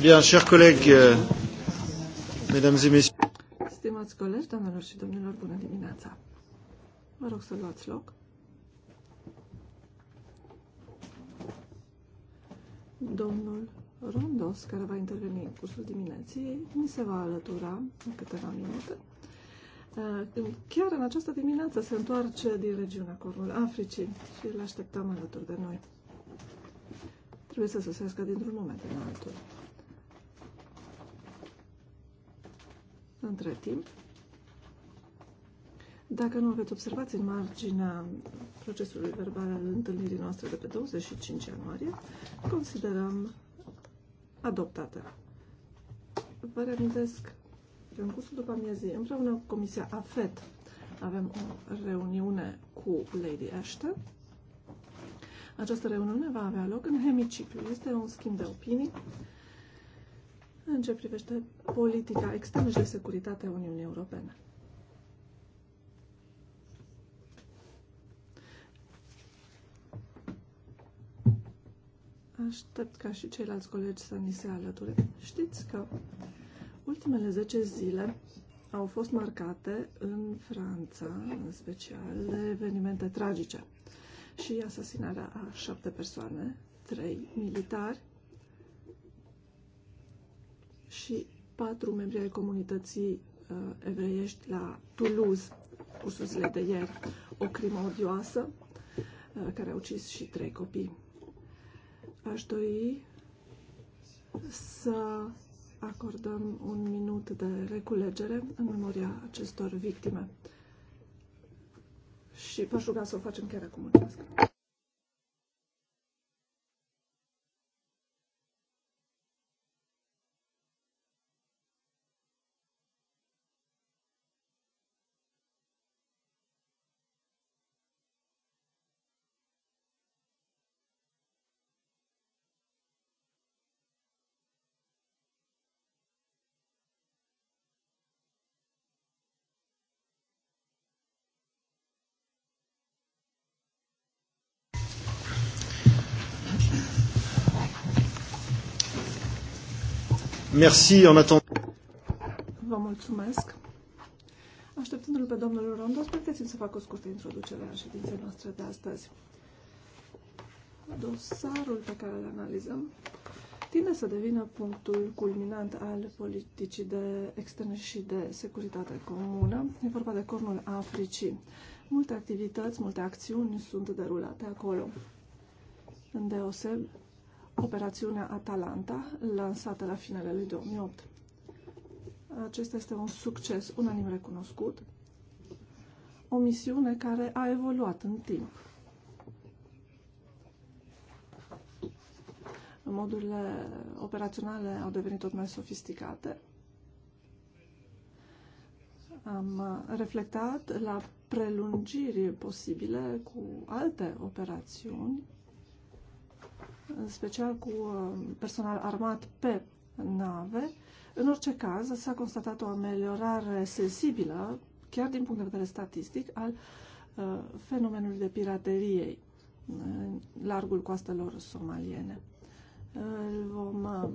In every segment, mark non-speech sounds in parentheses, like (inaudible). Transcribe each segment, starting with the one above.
Bien, chers collègues, euh, mesdames et messieurs. Stimați colegi, doamnelor și domnilor, bună dimineața. Vă rog să luați loc. Domnul Rondos, care va interveni în cursul dimineții, mi se va alătura în câteva minute. Da, chiar în această dimineață se întoarce din regiunea Cornul Africii și îl așteptăm alături de noi. Trebuie să sosească dintr-un moment în altul. Între timp, dacă nu aveți observați în marginea procesului verbal al întâlnirii noastre de pe 25 ianuarie, considerăm adoptată. Vă reamintesc în cursul după amiezii, împreună cu Comisia AFET, avem o reuniune cu Lady Ashton. Această reuniune va avea loc în hemiciclu. Este un schimb de opinii în ce privește politica externă și de securitate a Uniunii Europene. Aștept ca și ceilalți colegi să ni se alăture. Știți că Ultimele 10 zile au fost marcate în Franța, în special, de evenimente tragice și asasinarea a șapte persoane, trei militari și patru membri ai comunității uh, evreiești la Toulouse, cursul zile de ieri, o crimă odioasă uh, care a ucis și trei copii. Aș dori să acordăm un minut de reculegere în memoria acestor victime. Și vă aș ruga să o facem chiar acum. Mulțumesc! Merci en attendant. Vă mulțumesc. Așteptându-l pe domnul Rondos, permiteți-mi să fac o scurtă introducere a ședinței noastre de astăzi. Dosarul pe care îl analizăm tinde să devină punctul culminant al politicii de externe și de securitate comună. E vorba de cornul Africii. Multe activități, multe acțiuni sunt derulate acolo. Îndeoseb operațiunea Atalanta, lansată la finele lui 2008. Acesta este un succes unanim recunoscut, o misiune care a evoluat în timp. Modurile operaționale au devenit tot mai sofisticate. Am reflectat la prelungiri posibile cu alte operațiuni în special cu uh, personal armat pe nave. În orice caz, s-a constatat o ameliorare sensibilă, chiar din punct de vedere statistic, al uh, fenomenului de pirateriei în largul coastelor somaliene. Îl vom uh,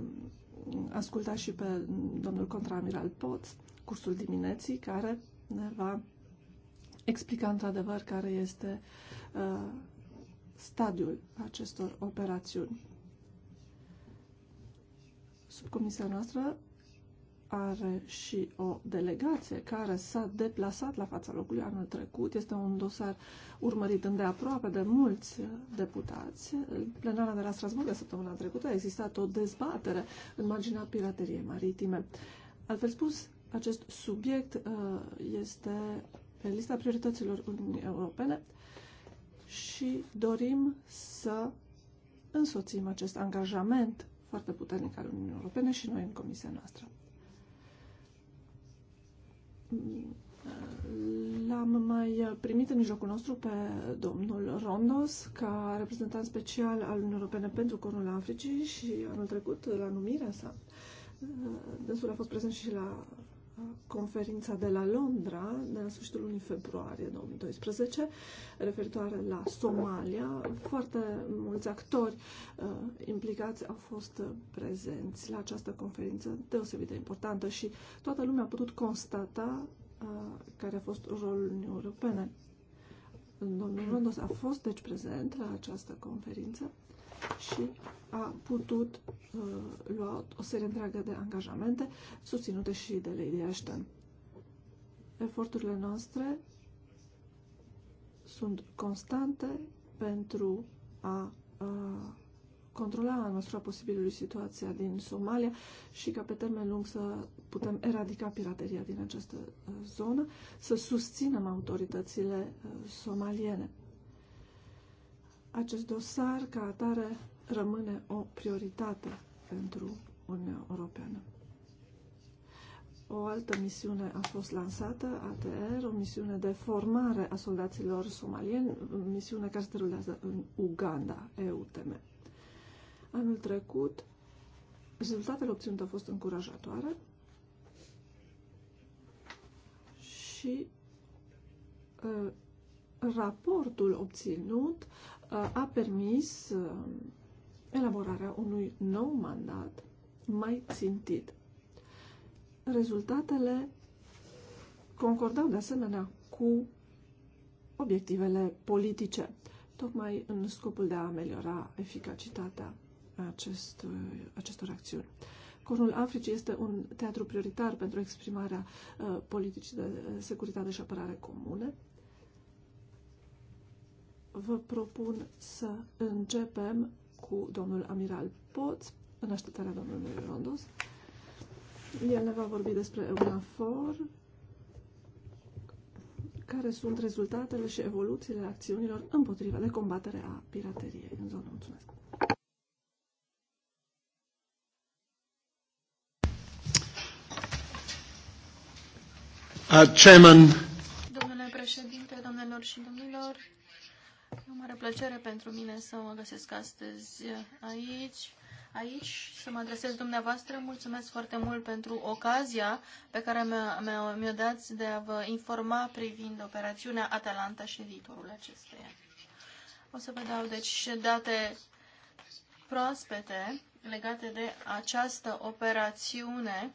asculta și pe domnul contraamiral Poț, cursul dimineții, care ne va explica într-adevăr care este uh, stadiul acestor operațiuni. Subcomisia noastră are și o delegație care s-a deplasat la fața locului anul trecut. Este un dosar urmărit îndeaproape de mulți deputați. În plenara de la Strasburg de săptămâna trecută a existat o dezbatere în marginea pirateriei maritime. Altfel spus, acest subiect uh, este pe lista priorităților Uniunii Europene și dorim să însoțim acest angajament foarte puternic al Uniunii Europene și noi în comisia noastră. L-am mai primit în mijlocul nostru pe domnul Rondos ca reprezentant special al Uniunii Europene pentru Cornul Africii și anul trecut, la numirea sa, dânsul a fost prezent și la conferința de la Londra, de la sfârșitul lunii februarie 2012, referitoare la Somalia. Foarte mulți actori uh, implicați au fost uh, prezenți la această conferință deosebit de importantă și toată lumea a putut constata uh, care a fost rolul Uniunii Europene. Domnul Rondos a fost, deci, prezent la această conferință și a putut uh, lua o serie întreagă de angajamente susținute și de Lady Ashton. Eforturile noastre sunt constante pentru a uh, controla în măsura posibilului situația din Somalia și ca pe termen lung să putem eradica pirateria din această uh, zonă, să susținem autoritățile uh, somaliene. Acest dosar, ca atare, rămâne o prioritate pentru Uniunea Europeană. O altă misiune a fost lansată, ATR, o misiune de formare a soldaților somalieni, misiune care se derulează în Uganda, EUTM. Anul trecut, rezultatele obținute au fost încurajatoare și uh, raportul obținut a permis elaborarea unui nou mandat mai țintit. Rezultatele concordau de asemenea cu obiectivele politice, tocmai în scopul de a ameliora eficacitatea acest, acestor acțiuni. Cornul Africii este un teatru prioritar pentru exprimarea uh, politicii de securitate și apărare comune vă propun să începem cu domnul Amiral Pot, în așteptarea domnului Rondos. El ne va vorbi despre EUNAFOR, care sunt rezultatele și evoluțiile acțiunilor împotriva de combatere a pirateriei în zonă. Mulțumesc! Uh, chairman. Domnule președinte, domnilor și domnilor, E o mare plăcere pentru mine să mă găsesc astăzi aici, aici să mă adresez dumneavoastră. Mulțumesc foarte mult pentru ocazia pe care mi-o mi dați de a vă informa privind operațiunea Atalanta și viitorul acesteia. O să vă dau deci date proaspete legate de această operațiune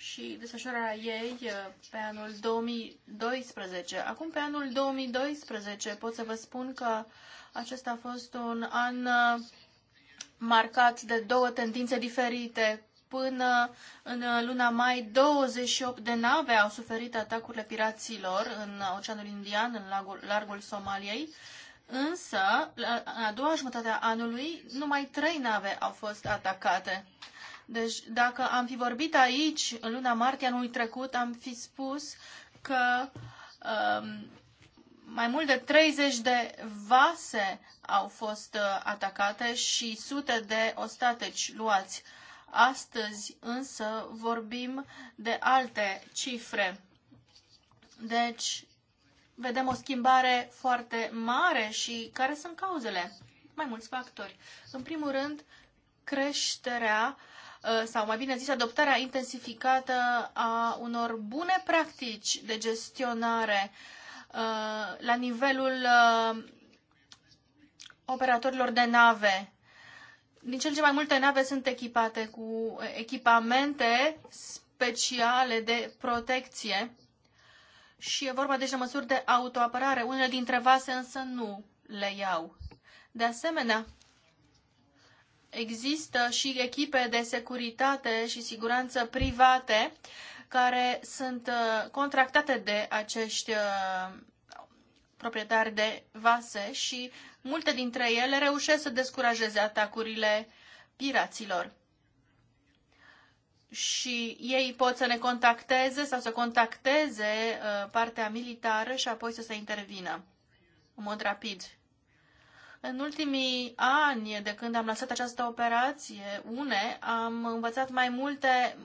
și desfășurarea ei uh, pe anul 2012. Acum, pe anul 2012, pot să vă spun că acesta a fost un an uh, marcat de două tendințe diferite. Până în luna mai, 28 de nave au suferit atacurile piraților în Oceanul Indian, în largul, largul Somaliei. Însă, în a doua jumătate a anului, numai trei nave au fost atacate. Deci, dacă am fi vorbit aici, în luna martie anului trecut, am fi spus că um, mai mult de 30 de vase au fost uh, atacate și sute de ostateci luați. Astăzi însă vorbim de alte cifre. Deci, vedem o schimbare foarte mare și care sunt cauzele? Mai mulți factori. În primul rând, creșterea Uh, sau mai bine zis, adoptarea intensificată a unor bune practici de gestionare uh, la nivelul uh, operatorilor de nave. Din cel ce mai multe nave sunt echipate cu echipamente speciale de protecție și e vorba deja deci măsuri de autoapărare. Unele dintre vase însă nu le iau. De asemenea, există și echipe de securitate și siguranță private care sunt uh, contractate de acești uh, proprietari de vase și multe dintre ele reușesc să descurajeze atacurile piraților. Și ei pot să ne contacteze sau să contacteze uh, partea militară și apoi să se intervină în mod rapid. În ultimii ani, de când am lansat această operație, une, am învățat mai multe,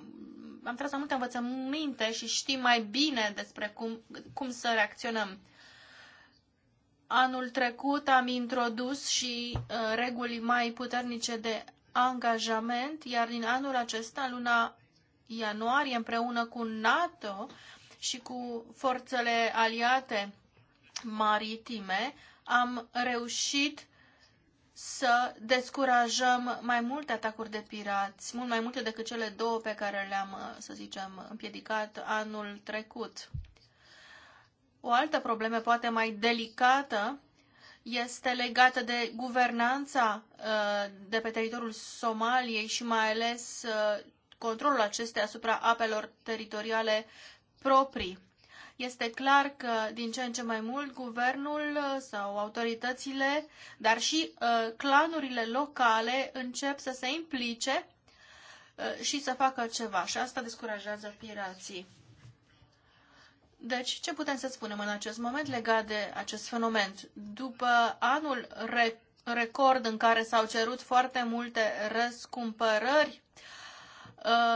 am tras mai multe învățăminte și știm mai bine despre cum, cum să reacționăm. Anul trecut am introdus și uh, reguli mai puternice de angajament, iar din anul acesta, luna ianuarie, împreună cu NATO și cu forțele aliate maritime, am reușit să descurajăm mai multe atacuri de pirați, mult mai multe decât cele două pe care le-am, uh, să zicem, împiedicat anul trecut. O altă problemă, poate mai delicată, este legată de guvernanța uh, de pe teritoriul Somaliei și mai ales uh, controlul acestei asupra apelor teritoriale proprii. Este clar că din ce în ce mai mult guvernul uh, sau autoritățile, dar și uh, clanurile locale încep să se implice uh, și să facă ceva și asta descurajează pirații. Deci, ce putem să spunem în acest moment legat de acest fenomen? După anul re- record în care s-au cerut foarte multe răscumpărări,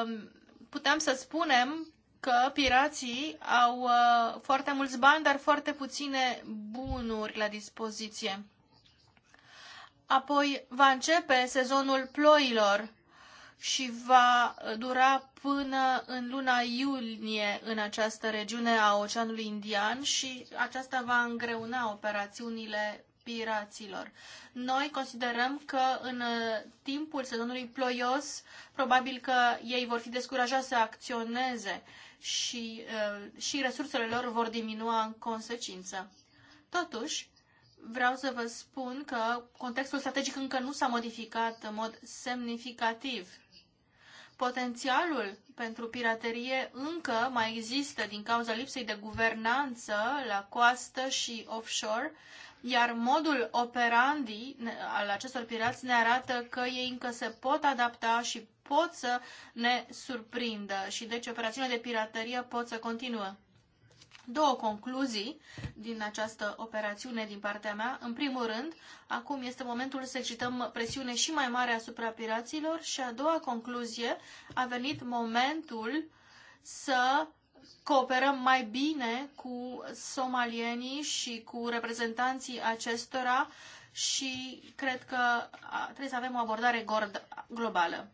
um, puteam să spunem că pirații au uh, foarte mulți bani, dar foarte puține bunuri la dispoziție. Apoi va începe sezonul ploilor și va dura până în luna iulie în această regiune a Oceanului Indian și aceasta va îngreuna operațiunile piraților. Noi considerăm că în timpul sezonului ploios, probabil că ei vor fi descurajați să acționeze și, uh, și resursele lor vor diminua în consecință. Totuși, vreau să vă spun că contextul strategic încă nu s-a modificat în mod semnificativ. Potențialul pentru piraterie încă mai există din cauza lipsei de guvernanță la coastă și offshore, iar modul operandi al acestor pirați ne arată că ei încă se pot adapta și pot să ne surprindă și deci operațiunile de piraterie pot să continuă. Două concluzii din această operațiune din partea mea. În primul rând, acum este momentul să exercităm presiune și mai mare asupra piraților și a doua concluzie, a venit momentul să cooperăm mai bine cu somalienii și cu reprezentanții acestora și cred că trebuie să avem o abordare globală.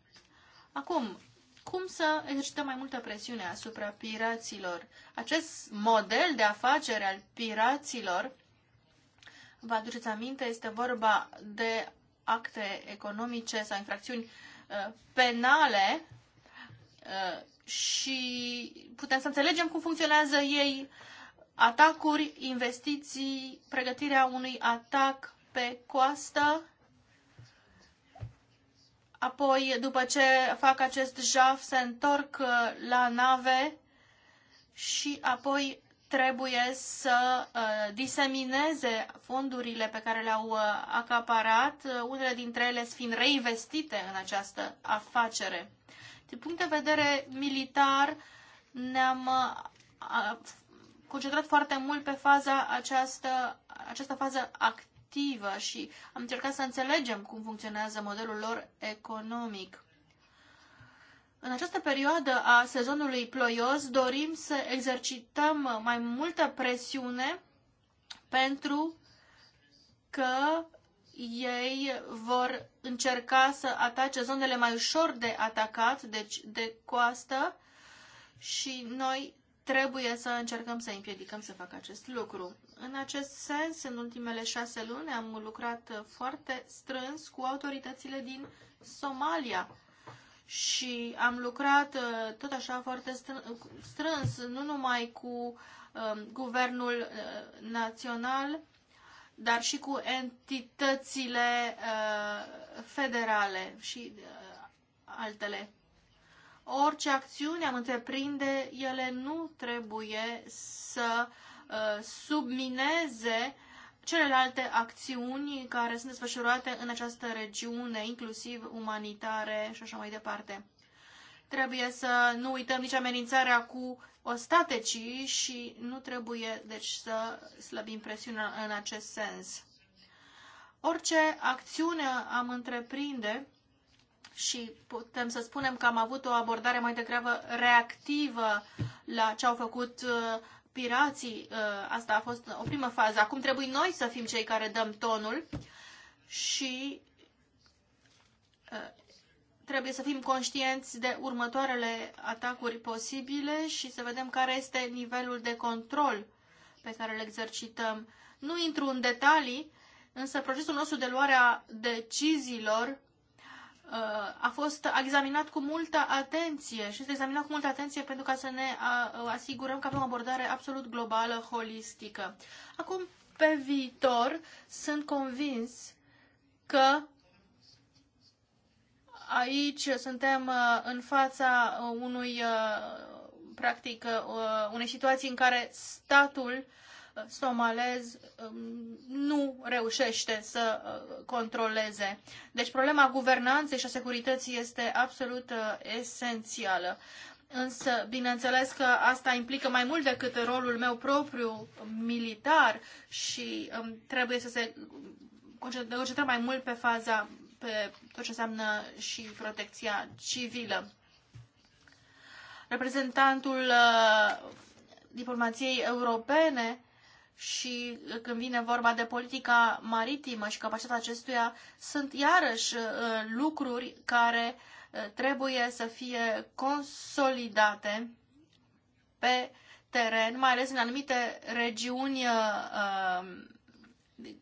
Acum, cum să exercităm mai multă presiune asupra piraților? Acest model de afacere al piraților, vă aduceți aminte, este vorba de acte economice sau infracțiuni uh, penale uh, și putem să înțelegem cum funcționează ei atacuri, investiții, pregătirea unui atac pe coastă, Apoi, după ce fac acest jaf, se întorc uh, la nave și apoi trebuie să uh, disemineze fondurile pe care le-au uh, acaparat, unele dintre ele fiind reinvestite în această afacere. Din punct de vedere militar, ne-am concentrat foarte mult pe faza această, această fază activă activă și am încercat să înțelegem cum funcționează modelul lor economic. În această perioadă a sezonului ploios dorim să exercităm mai multă presiune pentru că ei vor încerca să atace zonele mai ușor de atacat, deci de coastă, și noi trebuie să încercăm să împiedicăm să facă acest lucru. În acest sens, în ultimele șase luni am lucrat foarte strâns cu autoritățile din Somalia și am lucrat uh, tot așa foarte strâns, nu numai cu um, guvernul uh, național, dar și cu entitățile uh, federale și altele orice acțiune am întreprinde, ele nu trebuie să uh, submineze celelalte acțiuni care sunt desfășurate în această regiune, inclusiv umanitare și așa mai departe. Trebuie să nu uităm nici amenințarea cu ostatecii și nu trebuie, deci, să slăbim presiunea în acest sens. Orice acțiune am întreprinde, și putem să spunem că am avut o abordare mai degrabă reactivă la ce au făcut uh, pirații. Uh, asta a fost o primă fază. Acum trebuie noi să fim cei care dăm tonul și uh, trebuie să fim conștienți de următoarele atacuri posibile și să vedem care este nivelul de control pe care îl exercităm. Nu intru în detalii, însă procesul nostru de luare a deciziilor Uh, a fost examinat cu multă atenție și este examinat cu multă atenție pentru ca să ne uh, uh, asigurăm că avem o abordare absolut globală, holistică. Acum, pe viitor, sunt convins că aici suntem în fața unui, practic, unei situații în care statul somalez um, nu reușește să uh, controleze. Deci problema guvernanței și a securității este absolut uh, esențială. Însă, bineînțeles că asta implică mai mult decât rolul meu propriu militar și um, trebuie să se concentrăm mai mult pe faza, pe tot ce înseamnă și protecția civilă. Reprezentantul uh, diplomației europene și uh, când vine vorba de politica maritimă și capacitatea acestuia, sunt iarăși uh, lucruri care uh, trebuie să fie consolidate pe teren, mai ales în anumite regiuni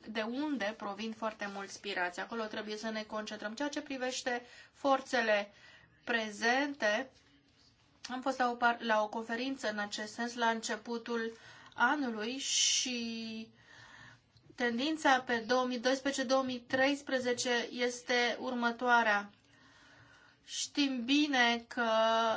de unde provin foarte mulți pirați. Acolo trebuie să ne concentrăm. Ceea ce privește forțele prezente, am fost la o, la o conferință în acest sens la începutul uh, anului și tendința pe 2012-2013 este următoarea. Știm bine că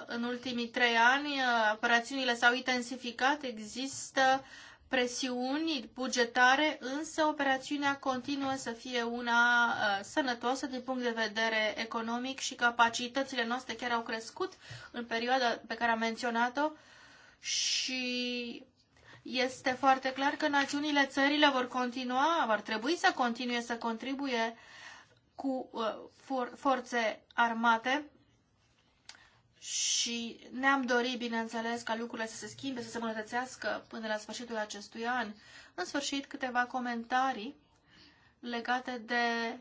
în ultimii trei ani operațiunile s-au intensificat, există presiuni bugetare, însă operațiunea continuă să fie una uh, sănătoasă din punct de vedere economic și capacitățile noastre chiar au crescut în perioada pe care am menționat-o și este foarte clar că națiunile, țările vor continua, vor trebui să continue să contribuie cu uh, for forțe armate și ne-am dorit, bineînțeles, ca lucrurile să se schimbe, să se îmbunătățească până la sfârșitul acestui an. În sfârșit, câteva comentarii legate de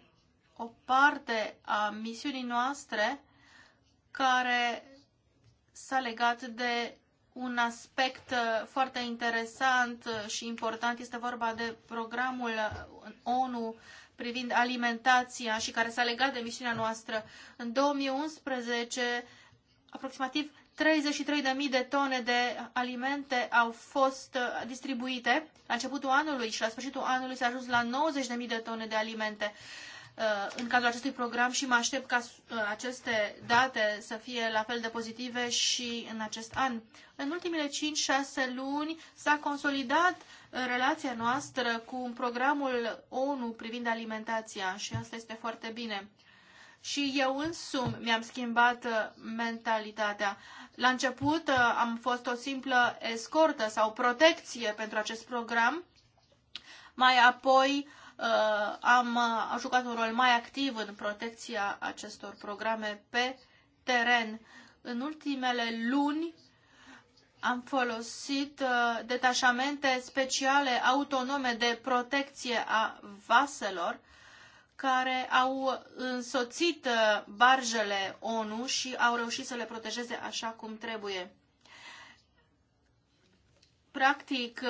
o parte a misiunii noastre care s-a legat de un aspect uh, foarte interesant uh, și important. Este vorba de programul uh, ONU privind alimentația și care s-a legat de misiunea noastră. În 2011, aproximativ 33.000 de tone de alimente au fost distribuite. La începutul anului și la sfârșitul anului s-a ajuns la 90.000 de tone de alimente. Uh, în cadrul acestui program și mă aștept ca uh, aceste date să fie la fel de pozitive și în acest an. În ultimele 5-6 luni s-a consolidat uh, relația noastră cu programul ONU privind alimentația și asta este foarte bine. Și eu însumi mi-am schimbat mentalitatea. La început am fost o simplă escortă sau protecție pentru acest program, mai apoi uh, Uh, am uh, jucat un rol mai activ în protecția acestor programe pe teren. În ultimele luni am folosit uh, detașamente speciale autonome de protecție a vaselor care au însoțit barjele ONU și au reușit să le protejeze așa cum trebuie. Practic,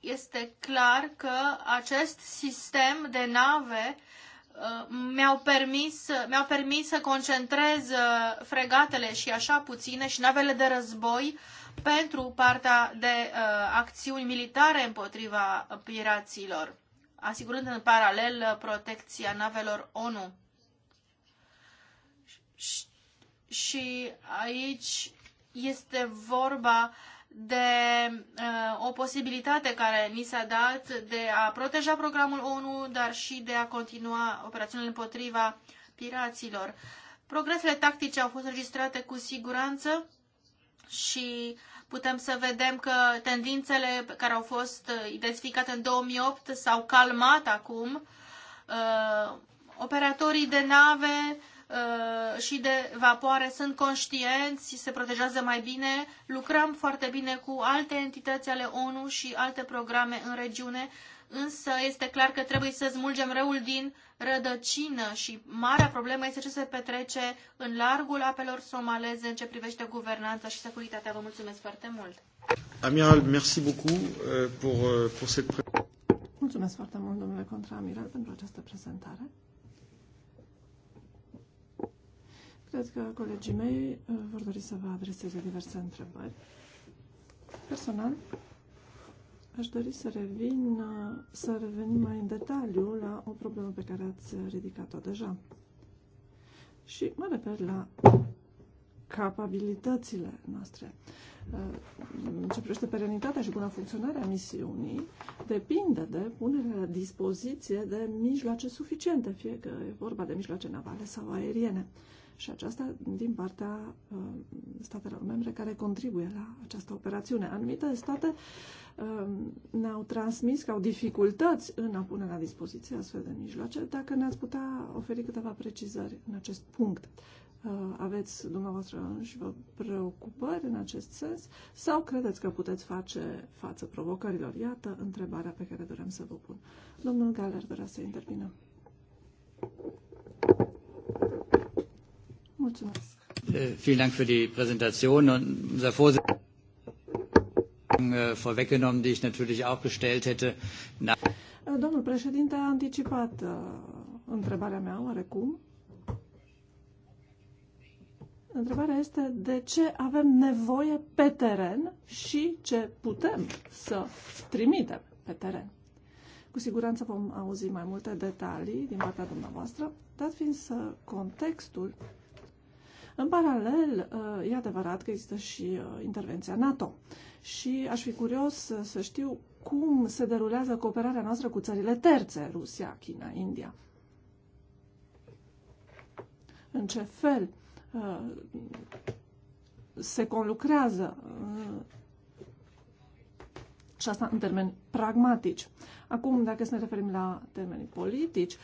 este clar că acest sistem de nave uh, mi-au permis, mi-au permis să concentrez uh, fregatele și așa puține și navele de război pentru partea de uh, acțiuni militare împotriva piraților, asigurând în paralel uh, protecția navelor ONU. Și aici este vorba uh, de uh, o posibilitate care ni s-a dat de a proteja programul ONU, dar și de a continua operațiunile împotriva piraților. Progresele tactice au fost registrate cu siguranță și putem să vedem că tendințele care au fost identificate în 2008 s-au calmat acum. Uh, operatorii de nave Uh, și de vapoare sunt conștienți, se protejează mai bine. Lucrăm foarte bine cu alte entități ale ONU și alte programe în regiune, însă este clar că trebuie să smulgem răul din rădăcină și marea problemă este ce se petrece în largul apelor somaleze în ce privește guvernanța și securitatea. Vă mulțumesc foarte mult! Amiral, merci beaucoup uh, pour, uh, pour cette... Mulțumesc foarte mult, domnule contraamiral, pentru această prezentare. Cred că colegii mei uh, vor dori să vă adreseze diverse întrebări. Personal, aș dori să revin, uh, să revenim mai în detaliu la o problemă pe care ați ridicat-o deja. Și mă refer la capabilitățile noastre. Uh, ce privește perenitatea și buna funcționare a misiunii, depinde de punerea la dispoziție de mijloace suficiente, fie că e vorba de mijloace navale sau aeriene și aceasta din partea uh, statelor membre care contribuie la această operațiune. Anumite state uh, ne-au transmis că au dificultăți în a pune la dispoziție astfel de mijloace. Dacă ne-ați putea oferi câteva precizări în acest punct, uh, aveți dumneavoastră și vă preocupări în acest sens sau credeți că puteți face față provocărilor? Iată întrebarea pe care dorem să vă pun. Domnul Galer vrea să intervină. Mulțumesc. Äh, vielen Dank für die Präsentation und unser Vorsitzender äh, vorweggenommen, die ich natürlich auch gestellt hätte. Äh, domnul președinte a anticipat uh, întrebarea mea, oarecum. Întrebarea este de ce avem nevoie pe teren și ce putem să trimitem pe teren. Cu siguranță vom auzi mai multe detalii din partea dumneavoastră, dat fiind să contextul în paralel, e adevărat că există și uh, intervenția NATO și aș fi curios să știu cum se derulează cooperarea noastră cu țările terțe, Rusia, China, India. În ce fel uh, se conlucrează uh, și asta în termeni pragmatici. Acum, dacă să ne referim la termenii politici,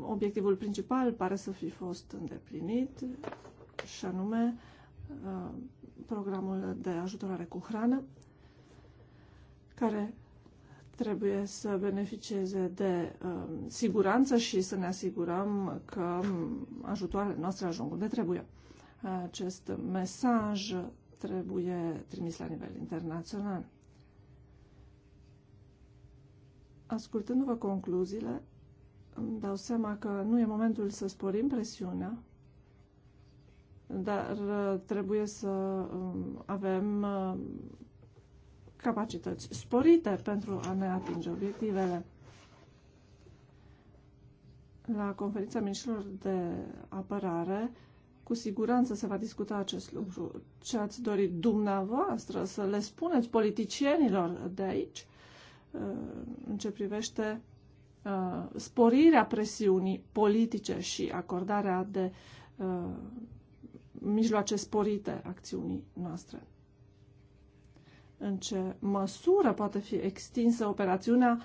obiectivul principal pare să fi fost îndeplinit și anume uh, programul de ajutorare cu hrană, care trebuie să beneficieze de uh, siguranță și să ne asigurăm că um, ajutoarele noastre ajung unde trebuie. Acest mesaj trebuie trimis la nivel internațional. Ascultându-vă concluziile, îmi dau seama că nu e momentul să sporim presiunea dar uh, trebuie să um, avem uh, capacități sporite pentru a ne atinge obiectivele. La conferința ministrilor de apărare, cu siguranță se va discuta acest lucru. Ce ați dorit dumneavoastră să le spuneți politicienilor de aici uh, în ce privește sporirea presiunii politice și acordarea de mijloace sporite acțiunii noastre. În ce măsură poate fi extinsă operațiunea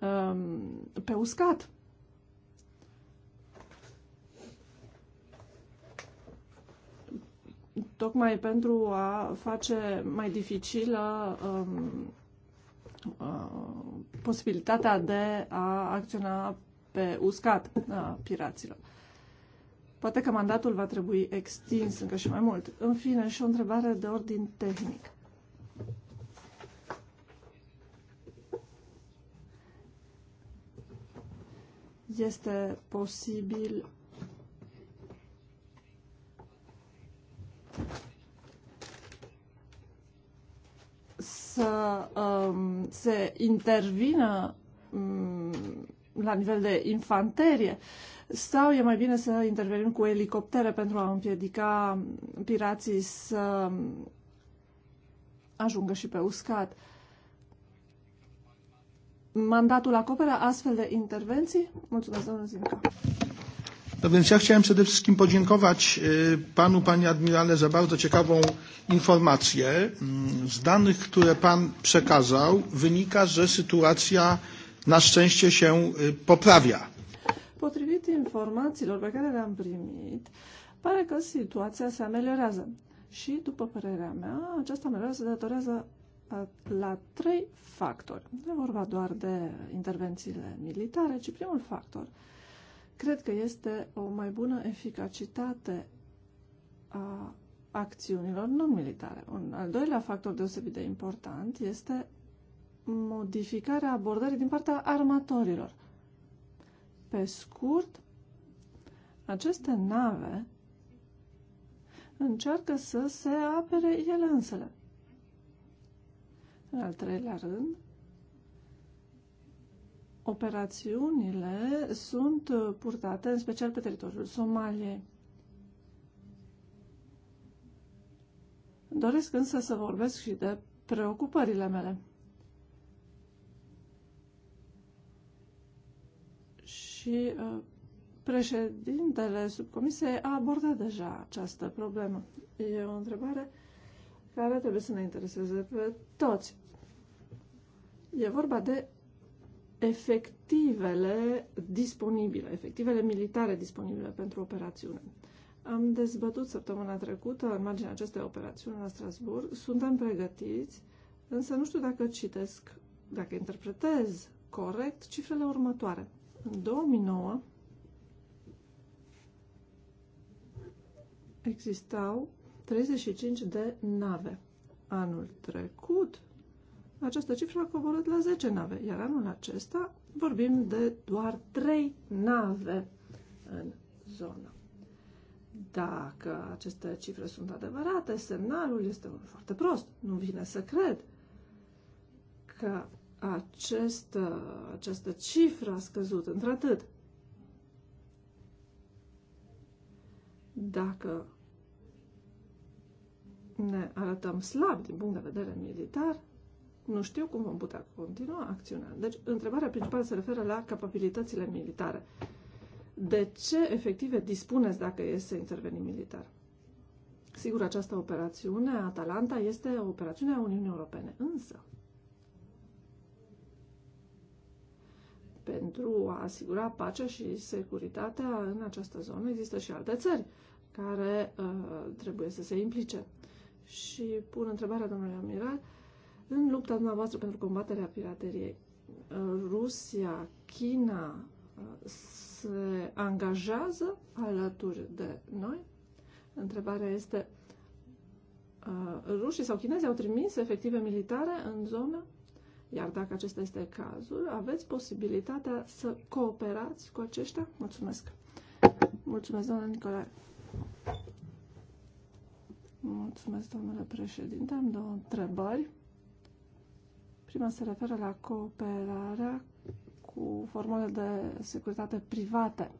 um, pe uscat? Tocmai pentru a face mai dificilă um, uh, posibilitatea de a acționa pe uscat a piraților. Poate că mandatul va trebui extins încă și mai mult. În fine, și o întrebare de ordin tehnic. Este posibil să um, se intervină um, la nivel de infanterie uh, sau e mai bine să intervenim cu elicoptere pentru a împiedica pirații să ajungă și pe uscat. Mandatul acoperă astfel de intervenții? Mulțumesc, domnul Zinca. No więc ja chciałem przede wszystkim podziękować panu, panie admirale, za bardzo ciekawą informację. Mm, z danych, które pan przekazał, wynika, że sytuacja na szczęście się poprawia Potrivit informațiilor pe care le-am primit, pare că situația se ameliorează. Și, după părerea mea, această ameliorare se datorează uh, la trei factori. Nu e vorba doar de intervențiile militare, ci primul factor. Cred că este o mai bună eficacitate a acțiunilor non-militare. Un al doilea factor deosebit de important este modificarea abordării din partea armatorilor. Pe scurt, aceste nave încearcă să se apere ele însele. În al treilea rând, operațiunile sunt purtate în special pe teritoriul Somaliei. Doresc însă să vorbesc și de preocupările mele. și uh, președintele subcomisiei a abordat deja această problemă. E o întrebare care trebuie să ne intereseze pe toți. E vorba de efectivele disponibile, efectivele militare disponibile pentru operațiune. Am dezbătut săptămâna trecută în marginea acestei operațiuni la Strasburg. Suntem pregătiți, însă nu știu dacă citesc, dacă interpretez corect cifrele următoare. 2009 existau 35 de nave. Anul trecut această cifră a coborât la 10 nave, iar anul acesta vorbim de doar 3 nave în zonă. Dacă aceste cifre sunt adevărate, semnalul este unul foarte prost. Nu vine să cred că acest, uh, această cifră a scăzut într-atât. Dacă ne arătăm slab din punct de vedere militar, nu știu cum vom putea continua acțiunea. Deci, întrebarea principală se referă la capabilitățile militare. De ce efective dispuneți dacă e să intervenim militar? Sigur, această operațiune, Atalanta, este o operațiune a Uniunii Europene, însă pentru a asigura pacea și securitatea în această zonă. Există și alte țări care uh, trebuie să se implice. Și pun întrebarea domnului Amiral, în lupta dumneavoastră pentru combaterea pirateriei, uh, Rusia, China uh, se angajează alături de noi? Întrebarea este, uh, rușii sau chinezii au trimis efective militare în zonă? Iar dacă acesta este cazul, aveți posibilitatea să cooperați cu aceștia? Mulțumesc! Mulțumesc, doamna Nicolae! Mulțumesc, domnule președinte. Am două întrebări. Prima se referă la cooperarea cu formele de securitate private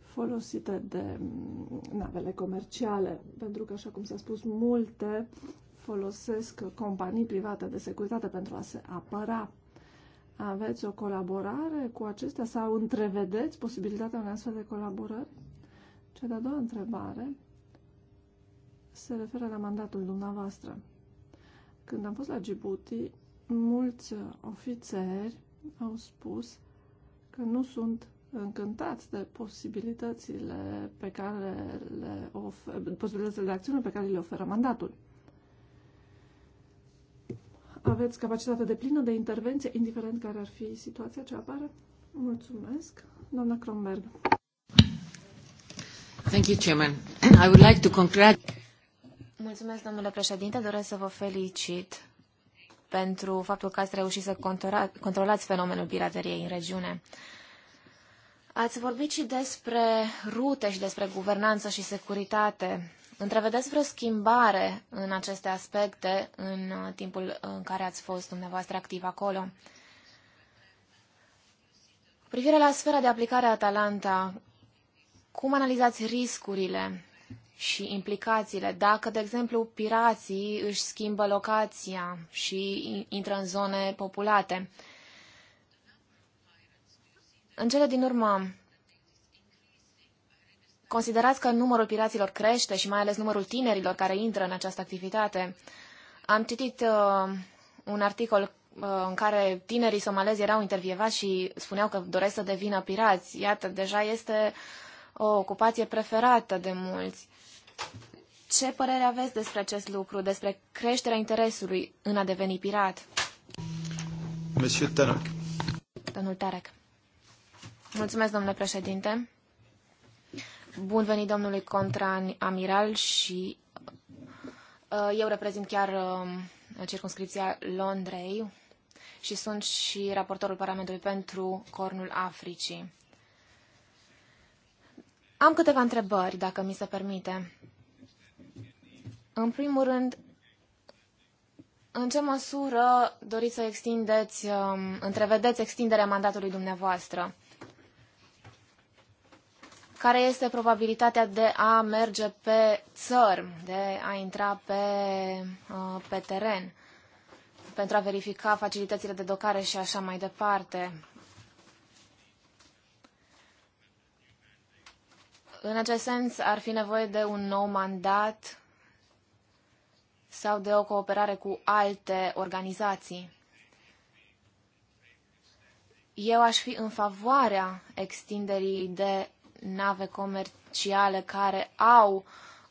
folosite de mm, navele comerciale, pentru că, așa cum s-a spus, multe folosesc companii private de securitate pentru a se apăra. Aveți o colaborare cu acestea sau întrevedeți posibilitatea unei astfel de colaborări? Cea de-a doua întrebare se referă la mandatul dumneavoastră. Când am fost la Djibouti, mulți ofițeri au spus că nu sunt încântați de posibilitățile pe care le ofer, posibilitățile de acțiune pe care le oferă mandatul aveți capacitatea de plină de intervenție, indiferent care ar fi situația ce apare. Mulțumesc. Doamna Kronberg. Thank you, Chairman. I would like to congratulate... Mulțumesc, domnule președinte. Doresc să vă felicit pentru faptul că ați reușit să controla, controlați fenomenul pirateriei în regiune. Ați vorbit și despre rute și despre guvernanță și securitate. Întrevedeți vreo schimbare în aceste aspecte în uh, timpul în care ați fost dumneavoastră activ acolo? Cu privire la sfera de aplicare a Atalanta, cum analizați riscurile și implicațiile dacă, de exemplu, pirații își schimbă locația și intră în zone populate? În cele din urmă, Considerați că numărul piraților crește și mai ales numărul tinerilor care intră în această activitate. Am citit uh, un articol uh, în care tinerii somalezi erau intervievați și spuneau că doresc să devină pirați. Iată, deja este o ocupație preferată de mulți. Ce părere aveți despre acest lucru, despre creșterea interesului în a deveni pirat? Monsieur Tanak. Domnul Tarek. Mulțumesc, domnule președinte. Bun venit domnului Contran Amiral și uh, eu reprezint chiar uh, circunscripția Londrei și sunt și raportorul Parlamentului pentru Cornul Africii. Am câteva întrebări, dacă mi se permite. În primul rând, în ce măsură doriți să extindeți, um, întrevedeți extinderea mandatului dumneavoastră? care este probabilitatea de a merge pe țări, de a intra pe, uh, pe teren pentru a verifica facilitățile de docare și așa mai departe. În acest sens, ar fi nevoie de un nou mandat sau de o cooperare cu alte organizații. Eu aș fi în favoarea extinderii de nave comerciale care au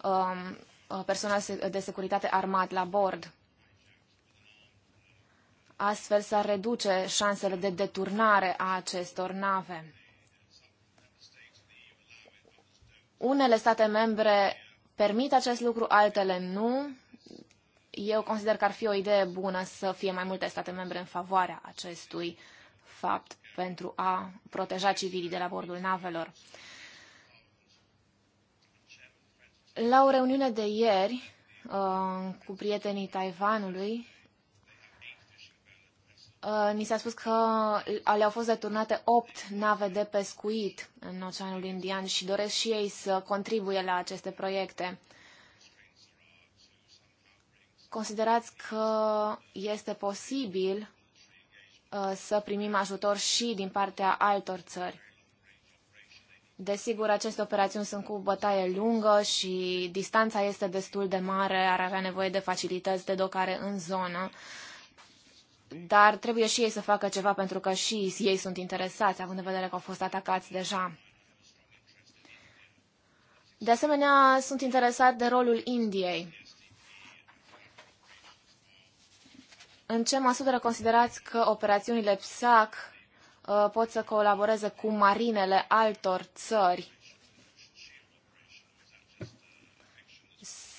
um, personal de securitate armat la bord. Astfel s-ar reduce șansele de deturnare a acestor nave. Unele state membre permit acest lucru, altele nu. Eu consider că ar fi o idee bună să fie mai multe state membre în favoarea acestui fapt pentru a proteja civilii de la bordul navelor. La o reuniune de ieri uh, cu prietenii Taiwanului, uh, ni s-a spus că le-au fost deturnate opt nave de pescuit în Oceanul Indian și doresc și ei să contribuie la aceste proiecte. Considerați că este posibil uh, să primim ajutor și din partea altor țări. Desigur, aceste operațiuni sunt cu bătaie lungă și distanța este destul de mare, ar avea nevoie de facilități de docare în zonă, dar trebuie și ei să facă ceva pentru că și ei sunt interesați, având în vedere că au fost atacați deja. De asemenea, sunt interesat de rolul Indiei. În ce măsură considerați că operațiunile PSAC Uh, pot să colaboreze cu marinele altor țări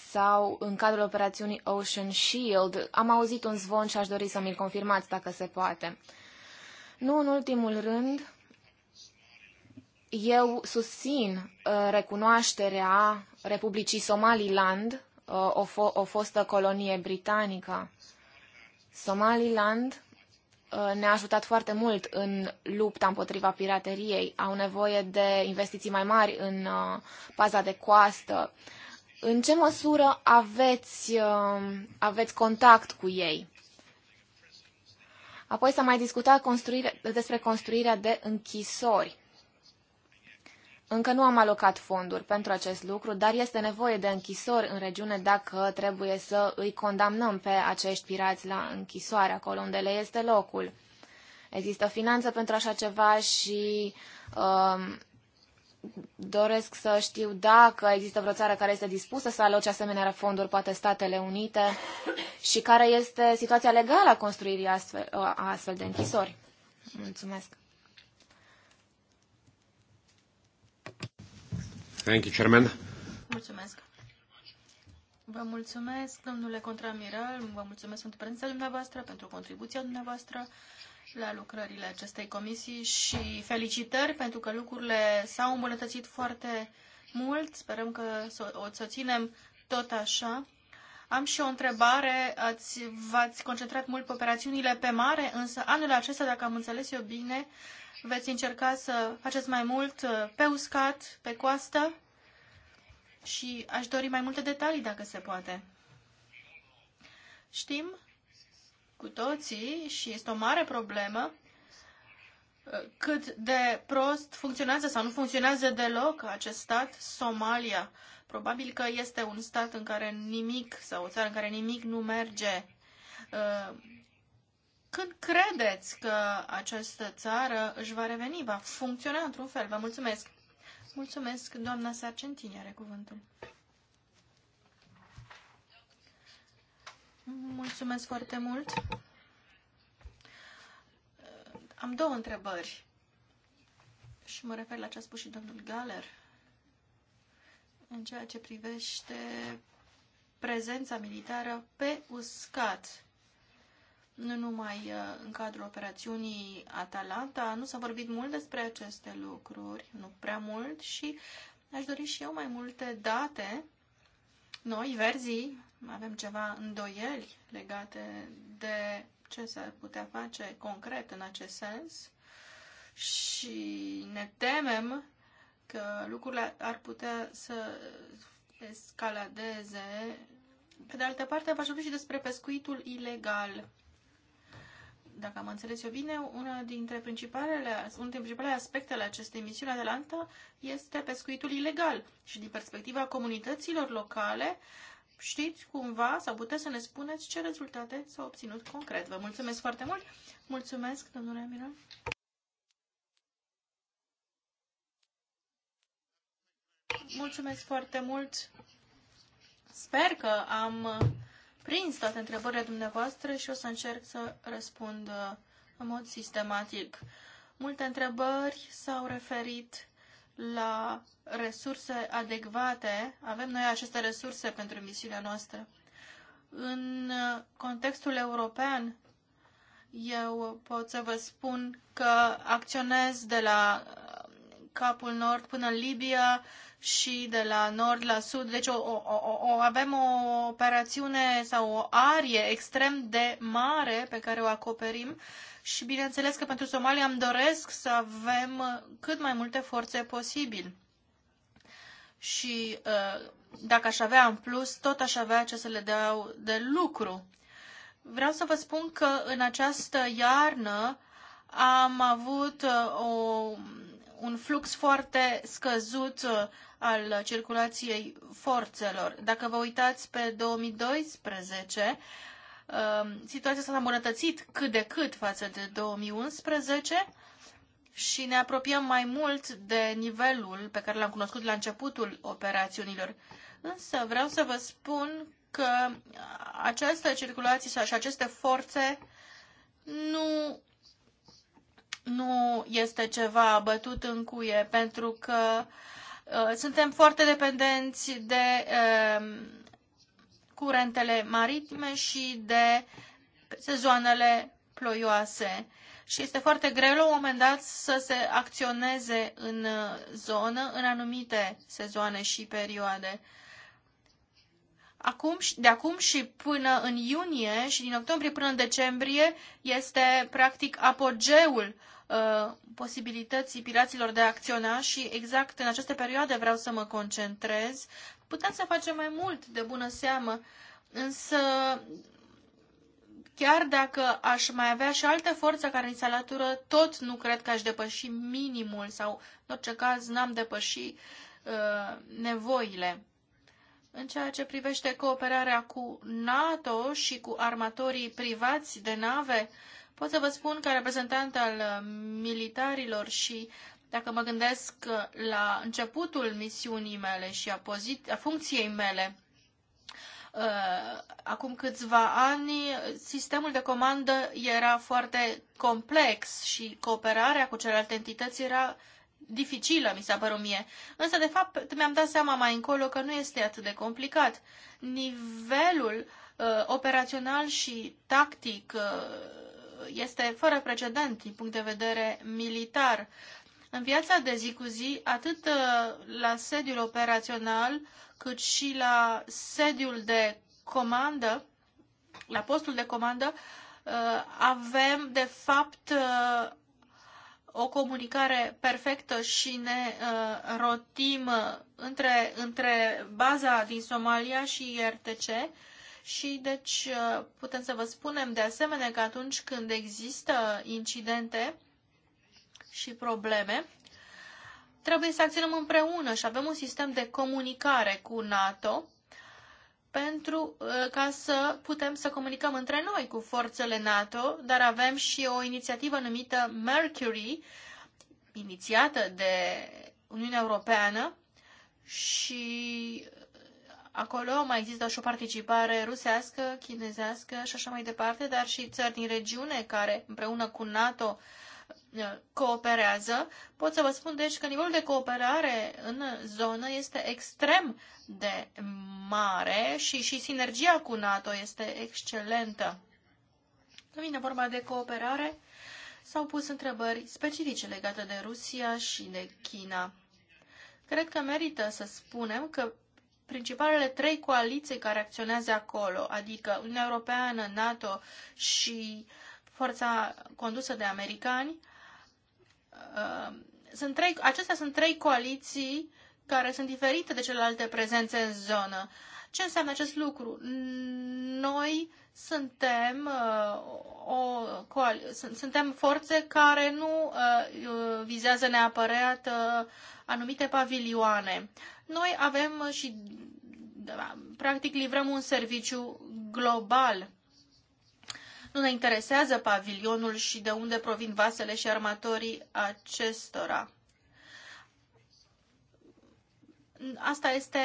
sau în cadrul operațiunii Ocean Shield. Am auzit un zvon și aș dori să mi-l confirmați dacă se poate. Nu în ultimul rând, eu susțin uh, recunoașterea Republicii Somaliland, uh, o, fo- o fostă colonie britanică. Somaliland Uh, ne-a ajutat foarte mult în lupta împotriva pirateriei. Au nevoie de investiții mai mari în uh, paza de coastă. În ce măsură aveți, uh, aveți contact cu ei? Apoi s-a mai discutat construire, despre construirea de închisori. Încă nu am alocat fonduri pentru acest lucru, dar este nevoie de închisori în regiune dacă trebuie să îi condamnăm pe acești pirați la închisoare, acolo unde le este locul. Există finanță pentru așa ceva și um, doresc să știu dacă există vreo țară care este dispusă să aloce asemenea fonduri, poate Statele Unite, și care este situația legală a construirii astfel, astfel de închisori. Mulțumesc. Thank you, Chairman. Mulțumesc. Vă mulțumesc, domnule Contramiral, vă mulțumesc pentru prezența dumneavoastră, pentru contribuția dumneavoastră la lucrările acestei comisii și felicitări pentru că lucrurile s-au îmbunătățit foarte mult. Sperăm că o să ținem tot așa. Am și o întrebare. Ați, v-ați concentrat mult pe operațiunile pe mare, însă anul acesta, dacă am înțeles eu bine, veți încerca să faceți mai mult uh, pe uscat, pe coastă și aș dori mai multe detalii dacă se poate. Știm cu toții și este o mare problemă uh, cât de prost funcționează sau nu funcționează deloc acest stat, Somalia. Probabil că este un stat în care nimic sau o țară în care nimic nu merge. Uh, când credeți că această țară își va reveni, va funcționa într-un fel? Vă mulțumesc! Mulțumesc, doamna Sarcentini are cuvântul. Mulțumesc foarte mult. Am două întrebări și mă refer la ce a spus și domnul Galer în ceea ce privește prezența militară pe uscat nu numai uh, în cadrul operațiunii Atalanta. Nu s-a vorbit mult despre aceste lucruri, nu prea mult și aș dori și eu mai multe date. Noi, verzii, avem ceva îndoieli legate de ce s-ar putea face concret în acest sens și ne temem că lucrurile ar putea să escaladeze. Pe de altă parte, v-aș și despre pescuitul ilegal dacă am înțeles eu bine, una dintre principalele, unul dintre principalele aspecte ale acestei misiuni Atalanta este pescuitul ilegal. Și din perspectiva comunităților locale, știți cumva sau puteți să ne spuneți ce rezultate s-au obținut concret. Vă mulțumesc foarte mult! Mulțumesc, domnule Amiral! Mulțumesc foarte mult! Sper că am prins toate întrebările dumneavoastră și o să încerc să răspund uh, în mod sistematic. Multe întrebări s-au referit la resurse adecvate. Avem noi aceste resurse pentru misiunea noastră. În uh, contextul european, eu pot să vă spun că acționez de la capul nord până în Libia și de la nord la sud. Deci o, o, o, avem o operațiune sau o arie extrem de mare pe care o acoperim și bineînțeles că pentru Somalia îmi doresc să avem cât mai multe forțe posibil. Și uh, dacă aș avea în plus, tot aș avea ce să le dau de lucru. Vreau să vă spun că în această iarnă am avut uh, o un flux foarte scăzut uh, al circulației forțelor. Dacă vă uitați pe 2012, um, situația s-a îmbunătățit cât de cât față de 2011 și ne apropiem mai mult de nivelul pe care l-am cunoscut la începutul operațiunilor. Însă vreau să vă spun că această circulație și aceste forțe nu nu este ceva bătut în cuie, pentru că uh, suntem foarte dependenți de uh, curentele maritime și de sezoanele ploioase. Și este foarte greu la un moment dat să se acționeze în uh, zonă în anumite sezoane și perioade. Acum, de acum și până în iunie și din octombrie până în decembrie este practic apogeul uh, Uh, posibilității piraților de a acționa și exact în aceste perioade vreau să mă concentrez. Putem să facem mai mult de bună seamă, însă chiar dacă aș mai avea și alte forțe care ni se alătură, tot nu cred că aș depăși minimul sau, în orice caz, n-am depăși uh, nevoile. În ceea ce privește cooperarea cu NATO și cu armatorii privați de nave, uh, Pot să vă spun ca reprezentant al uh, militarilor și dacă mă gândesc uh, la începutul misiunii mele și a, a funcției mele, uh, acum câțiva ani, sistemul de comandă era foarte complex și cooperarea cu celelalte entități era dificilă, mi s-a părut mie. Însă, de fapt, mi-am dat seama mai încolo că nu este atât de complicat. Nivelul uh, operațional și tactic uh, este fără precedent din punct de vedere militar. În viața de zi cu zi, atât uh, la sediul operațional, cât și la sediul de comandă, la postul de comandă, uh, avem, de fapt, uh, o comunicare perfectă și ne rotim între, între baza din Somalia și IRTC și deci uh, putem să vă spunem de asemenea că atunci când există incidente și probleme, trebuie să acționăm împreună și avem un sistem de comunicare cu NATO pentru uh, ca să putem să comunicăm între noi cu forțele NATO, dar avem și o inițiativă numită Mercury, inițiată de Uniunea Europeană și Acolo mai există și o participare rusească, chinezească și așa mai departe, dar și țări din regiune care împreună cu NATO uh, cooperează. Pot să vă spun deci că nivelul de cooperare în zonă este extrem de mare și, și sinergia cu NATO este excelentă. Când vine vorba de cooperare, s-au pus întrebări specifice legate de Rusia și de China. Cred că merită să spunem că principalele trei coaliții care acționează acolo, adică Uniunea Europeană, NATO și forța condusă de americani, uh, sunt trei, acestea sunt trei coaliții care sunt diferite de celelalte prezențe în zonă. Ce înseamnă acest lucru? Noi suntem, uh, o, suntem forțe care nu uh, uh, vizează neapărat anumite pavilioane. Noi avem și, da, practic, livrăm un serviciu global nu ne interesează pavilionul și de unde provin vasele și armatorii acestora asta este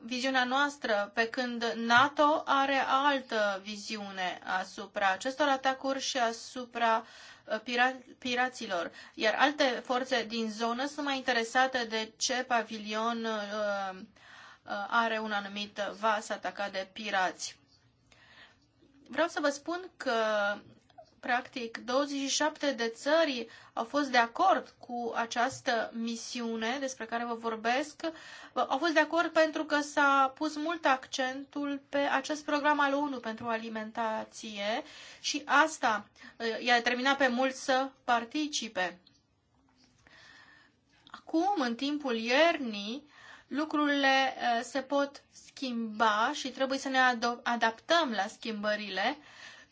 viziunea noastră, pe când NATO are altă viziune asupra acestor atacuri și asupra uh, piraților. Iar alte forțe din zonă sunt mai interesate de ce pavilion uh, uh, are un anumit vas atacat de pirați. Vreau să vă spun că Practic, 27 de țări au fost de acord cu această misiune despre care vă vorbesc. Au fost de acord pentru că s-a pus mult accentul pe acest program al ONU pentru alimentație și asta eh, i-a determinat pe mulți să participe. Acum, în timpul iernii, lucrurile eh, se pot schimba și trebuie să ne adaptăm la schimbările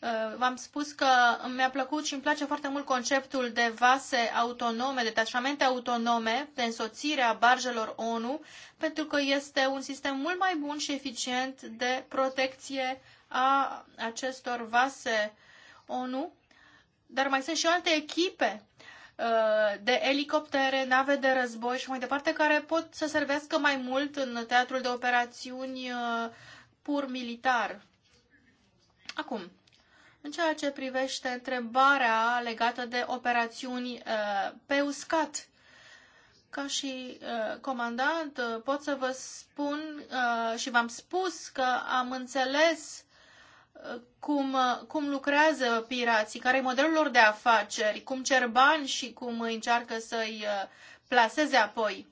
Uh, v-am spus că mi-a plăcut și îmi place foarte mult conceptul de vase autonome, detașamente autonome de însoțire a barjelor ONU, pentru că este un sistem mult mai bun și eficient de protecție a acestor vase ONU. Dar mai sunt și alte echipe uh, de elicoptere, nave de război și mai departe, care pot să servească mai mult în teatrul de operațiuni uh, pur militar. Acum, în ceea ce privește întrebarea legată de operațiuni uh, pe uscat, ca și uh, comandant, uh, pot să vă spun și v-am spus că am înțeles cum, cum lucrează pirații, care e modelul lor de afaceri, cum cer bani și cum încearcă să-i plaseze apoi.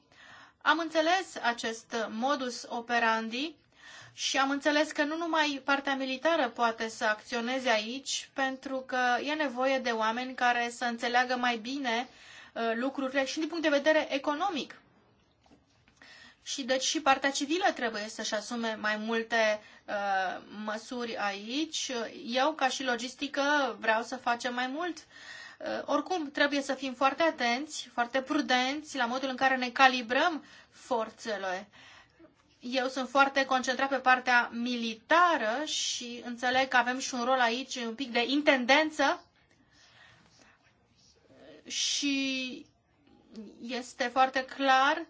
Am înțeles acest modus operandi și am înțeles că nu numai partea militară poate să acționeze aici, pentru că e nevoie de oameni care să înțeleagă mai bine uh, lucrurile și din punct de vedere economic. Și deci și partea civilă trebuie să-și asume mai multe uh, măsuri aici. Eu, ca și logistică, vreau să facem mai mult. Uh, oricum, trebuie să fim foarte atenți, foarte prudenți la modul în care ne calibrăm forțele. Uh, eu sunt foarte concentrat pe partea militară și înțeleg că avem și un rol aici, un pic de intendență și este foarte clar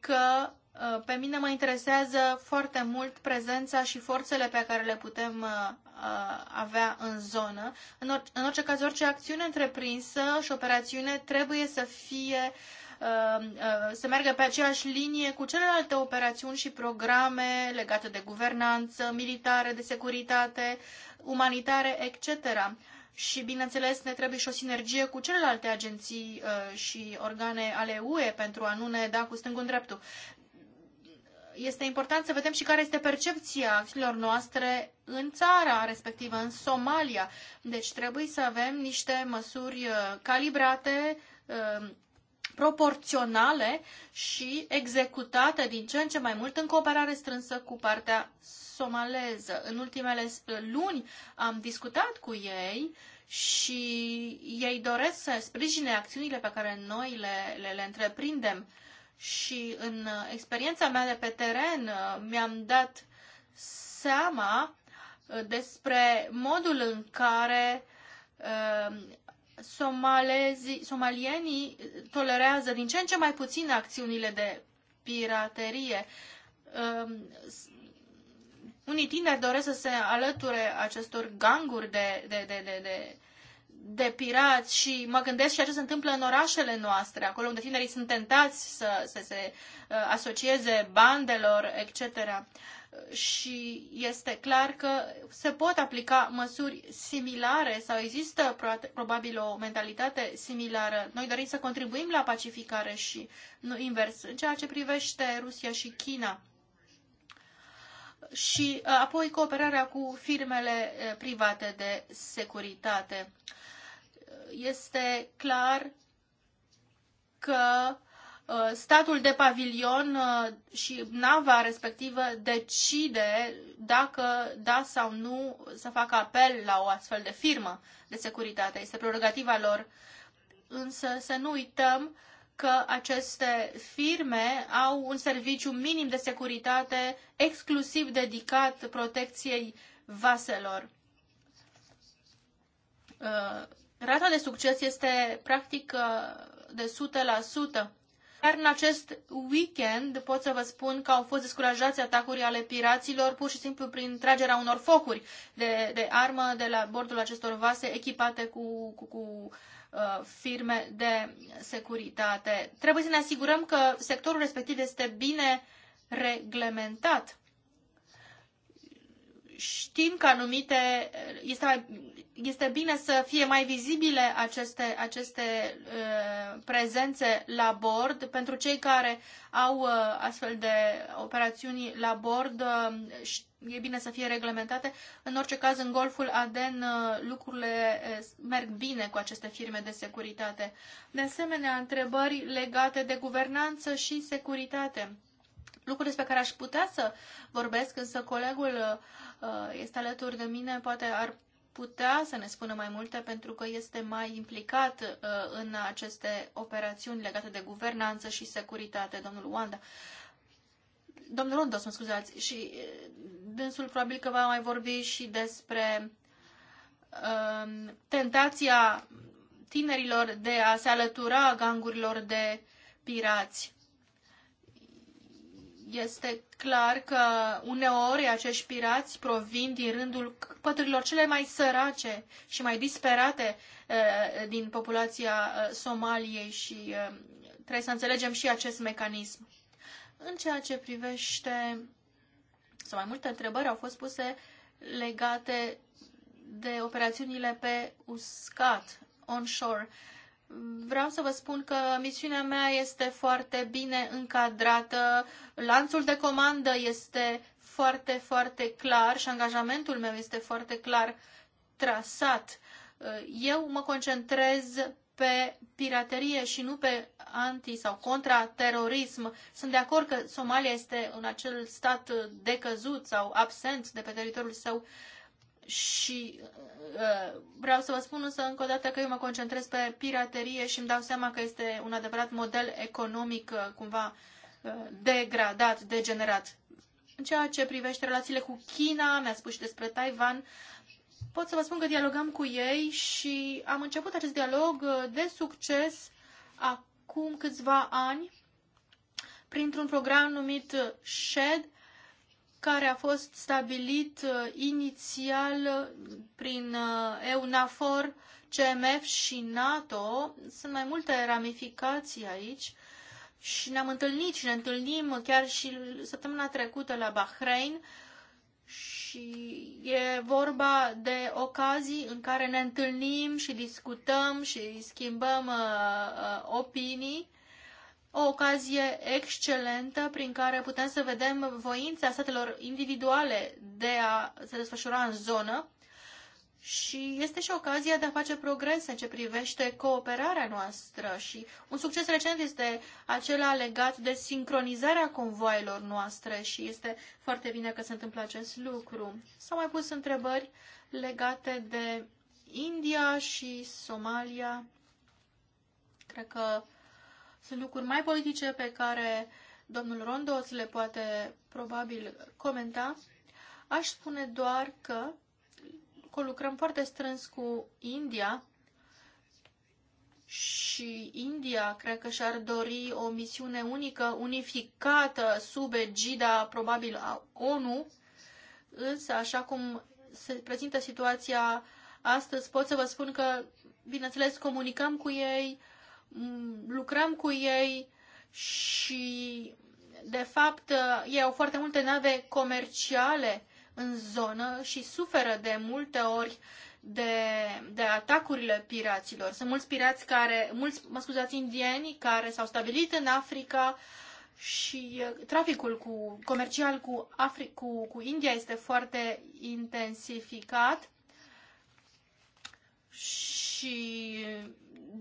că uh, pe mine mă interesează foarte mult prezența și forțele pe care le putem uh, uh, avea în zonă. În, orice caz, orice acțiune întreprinsă și operațiune trebuie să fie uh, Uh, uh, să meargă pe aceeași linie cu celelalte operațiuni și programe legate de guvernanță, militare, de securitate, umanitare, etc. Și, bineînțeles, ne trebuie și o sinergie cu celelalte agenții uh, și organe ale UE pentru a nu ne da cu stângul în dreptul este important să vedem și care este percepția acțiunilor noastre în țara respectivă, în Somalia. Deci trebuie să avem niște măsuri calibrate, proporționale și executate din ce în ce mai mult în cooperare strânsă cu partea somaleză. În ultimele uh, luni am discutat cu ei și ei doresc să sprijine acțiunile pe care noi le, le, le întreprindem. Și în uh, experiența mea de pe teren uh, mi-am dat seama despre modul în care somalezi, somalienii tolerează din ce în ce mai puțin acțiunile de piraterie. Um, unii tineri doresc să se alăture acestor ganguri de, de, de, de, de, de pirați și mă gândesc și ce se întâmplă în orașele noastre, acolo unde tinerii sunt tentați să, să se uh, asocieze bandelor, etc și este clar că se pot aplica măsuri similare sau există probabil o mentalitate similară. Noi dorim să contribuim la pacificare și nu invers. În ceea ce privește Rusia și China, și uh, apoi cooperarea cu firmele uh, private de securitate. Este clar că Uh, statul de pavilion uh, și nava respectivă decide dacă da sau nu să facă apel la o astfel de firmă de securitate. Este prerogativa lor. Însă să nu uităm că aceste firme au un serviciu minim de securitate exclusiv dedicat protecției vaselor. Uh, rata de succes este practic de 100%. Dar în acest weekend pot să vă spun că au fost descurajați atacuri ale piraților pur și simplu prin tragerea unor focuri de, de armă de la bordul acestor vase echipate cu, cu, cu uh, firme de securitate. Trebuie să ne asigurăm că sectorul respectiv este bine reglementat știm că anumite, este mai, este bine să fie mai vizibile aceste, aceste uh, prezențe la bord pentru cei care au uh, astfel de operațiuni la bord. Uh, e bine să fie reglementate. În orice caz, în Golful Aden uh, lucrurile uh, merg bine cu aceste firme de securitate. De asemenea, întrebări legate de guvernanță și securitate. Lucruri despre care aș putea să vorbesc, însă colegul uh, este alături de mine, poate ar putea să ne spună mai multe pentru că este mai implicat uh, în aceste operațiuni legate de guvernanță și securitate, domnul Wanda. Domnul Rondos, mă scuzați, și uh, dânsul probabil că va mai vorbi și despre uh, tentația tinerilor de a se alătura gangurilor de pirați este clar că uneori acești pirați provin din rândul păturilor cele mai sărace și mai disperate uh, din populația uh, Somaliei și uh, trebuie să înțelegem și acest mecanism. În ceea ce privește, sau mai multe întrebări au fost puse legate de operațiunile pe uscat, onshore. Uh, Vreau să vă spun că misiunea mea este foarte bine încadrată, lanțul de comandă este foarte, foarte clar și angajamentul meu este foarte clar trasat. Eu mă concentrez pe piraterie și nu pe anti sau contraterorism. Sunt de acord că Somalia este în acel stat decăzut sau absent de pe teritoriul său uh, și uh, uh, vreau să vă spun însă încă o dată că eu mă concentrez pe piraterie și îmi dau seama că este un adevărat model economic uh, cumva uh, degradat, degenerat. În ceea ce privește relațiile cu China, mi-a spus și despre Taiwan, pot să vă spun că dialogam cu ei și am început acest dialog uh, de succes acum câțiva ani printr-un program numit uh, SHED, care a fost stabilit uh, inițial uh, prin uh, EUNAFOR, CMF și NATO. Sunt mai multe ramificații aici și ne-am întâlnit și ne întâlnim chiar și săptămâna trecută la Bahrain și e vorba de ocazii în care ne întâlnim și discutăm și schimbăm uh, uh, opinii o ocazie excelentă prin care putem să vedem voința statelor individuale de a se desfășura în zonă și este și ocazia de a face progrese în ce privește cooperarea noastră și un succes recent este acela legat de sincronizarea convoailor noastre și este foarte bine că se întâmplă acest lucru. S-au mai pus întrebări legate de India și Somalia. Cred că sunt lucruri mai politice pe care domnul Rondos le poate probabil comenta. Aș spune doar că lucrăm foarte strâns cu India și India cred că și-ar dori o misiune unică, unificată sub egida probabil a ONU, însă așa cum se prezintă situația astăzi, pot să vă spun că, bineînțeles, comunicăm cu ei, lucrăm cu ei și, de fapt, ei au foarte multe nave comerciale în zonă și suferă de multe ori de, de atacurile piraților. Sunt mulți pirați care, mulți, mă scuzați, indieni care s-au stabilit în Africa și uh, traficul cu, comercial cu, Afri, cu, cu India este foarte intensificat și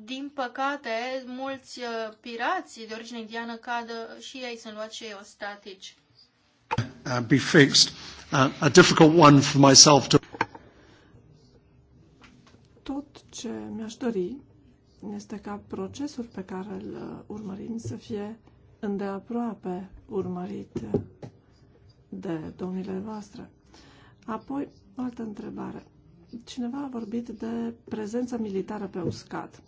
din păcate, mulți uh, pirații de origine indiană cad și ei sunt luați cei ostatici. Uh, be fixed. Uh, a difficult one for myself to... Tot ce mi-aș dori este ca procesul pe care îl uh, urmărim să fie îndeaproape urmărit de domnile voastre. Apoi, o altă întrebare. Cineva a vorbit de prezența militară pe uscat.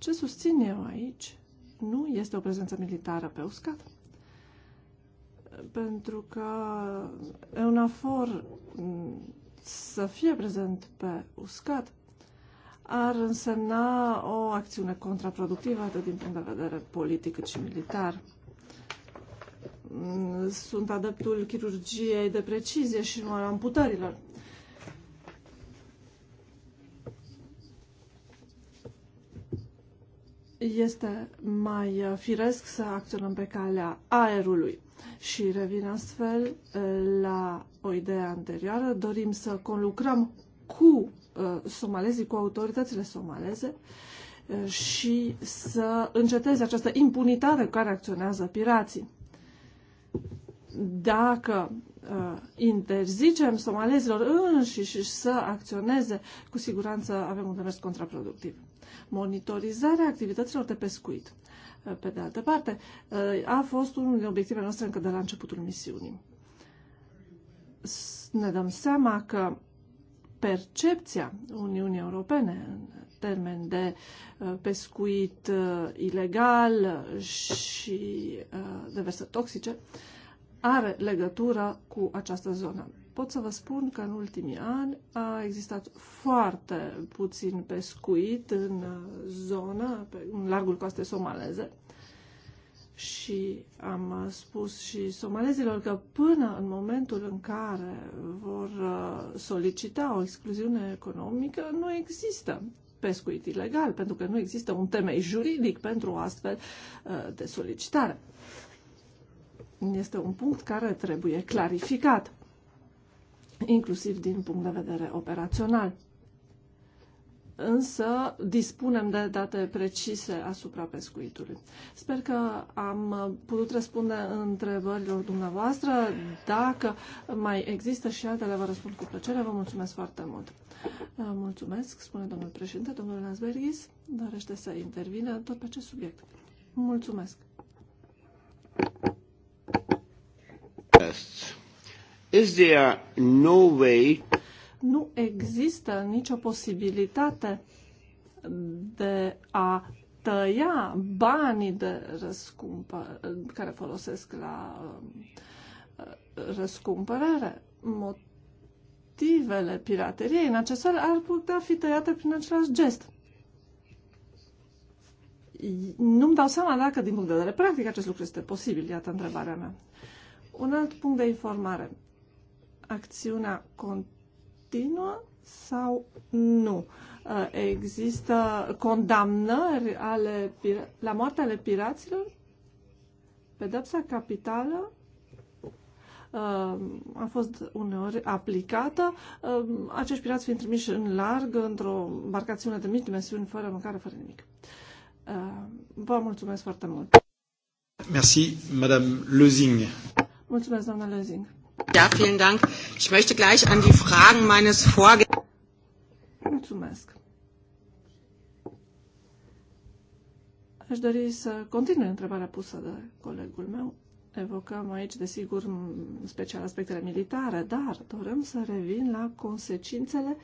Ce susțin eu aici nu este o prezență militară pe uscat, pentru că EUNAFOR mm, să fie prezent pe uscat ar însemna o acțiune contraproductivă atât din punct de vedere politic cât și militar. Mm, sunt adeptul chirurgiei de precizie și nu al amputărilor. este mai uh, firesc să acționăm pe calea aerului. Și revin astfel uh, la o idee anterioară. Dorim să conlucrăm cu uh, somalezii, cu autoritățile somaleze și să înceteze această impunitate cu care acționează pirații. Dacă interzicem somalezilor înșiși să acționeze, cu siguranță avem un demers contraproductiv monitorizarea activităților de pescuit. Uh, pe de altă parte, uh, a fost unul din obiectivele noastre încă de la începutul misiunii. Ne dăm seama că percepția Uniunii Europene în termen de uh, pescuit ilegal și de verse toxice are legătură cu această zonă pot să vă spun că în ultimii ani a existat foarte puțin pescuit în uh, zona, în largul coastei somaleze. Și am uh, spus și somalezilor că până în momentul în care vor uh, solicita o excluziune economică, nu există pescuit ilegal, pentru că nu există un temei juridic pentru o astfel de solicitare. Este un punct care trebuie clarificat inclusiv din punct de vedere operațional. Însă dispunem de date precise asupra pescuitului. Sper că am putut răspunde întrebărilor dumneavoastră. Dacă mai există și altele, vă răspund cu plăcere. Vă mulțumesc foarte mult. Mulțumesc, spune domnul președinte. Domnul Lansberghis dorește să intervină tot pe acest subiect. Mulțumesc. Yes. Is there no way... Nu există nicio posibilitate de a tăia banii de răscumpă, care folosesc la răscumpărare. Motivele pirateriei în acest fel ar putea fi tăiate prin același gest. Nu-mi dau seama dacă, din punct de vedere practic, acest lucru este posibil. Iată întrebarea mea. Un alt punct de informare acțiunea continuă sau nu? Uh, există condamnări ale, la moartea ale piraților? Pedepsa capitală uh, a fost uneori aplicată, uh, acești pirați fiind trimiși în larg într-o embarcațiune de mici dimensiuni, fără mâncare, fără nimic. Vă mulțumesc foarte mult! Merci, Madame Lezing. Mulțumesc, doamna Lezing. Ja, vielen Dank. Ich möchte gleich an die Fragen meines Vorgängers. Aș dori să continui întrebarea pusă de colegul meu. Evocăm aici, desigur, în special aspectele militare, dar dorim să revin la consecințele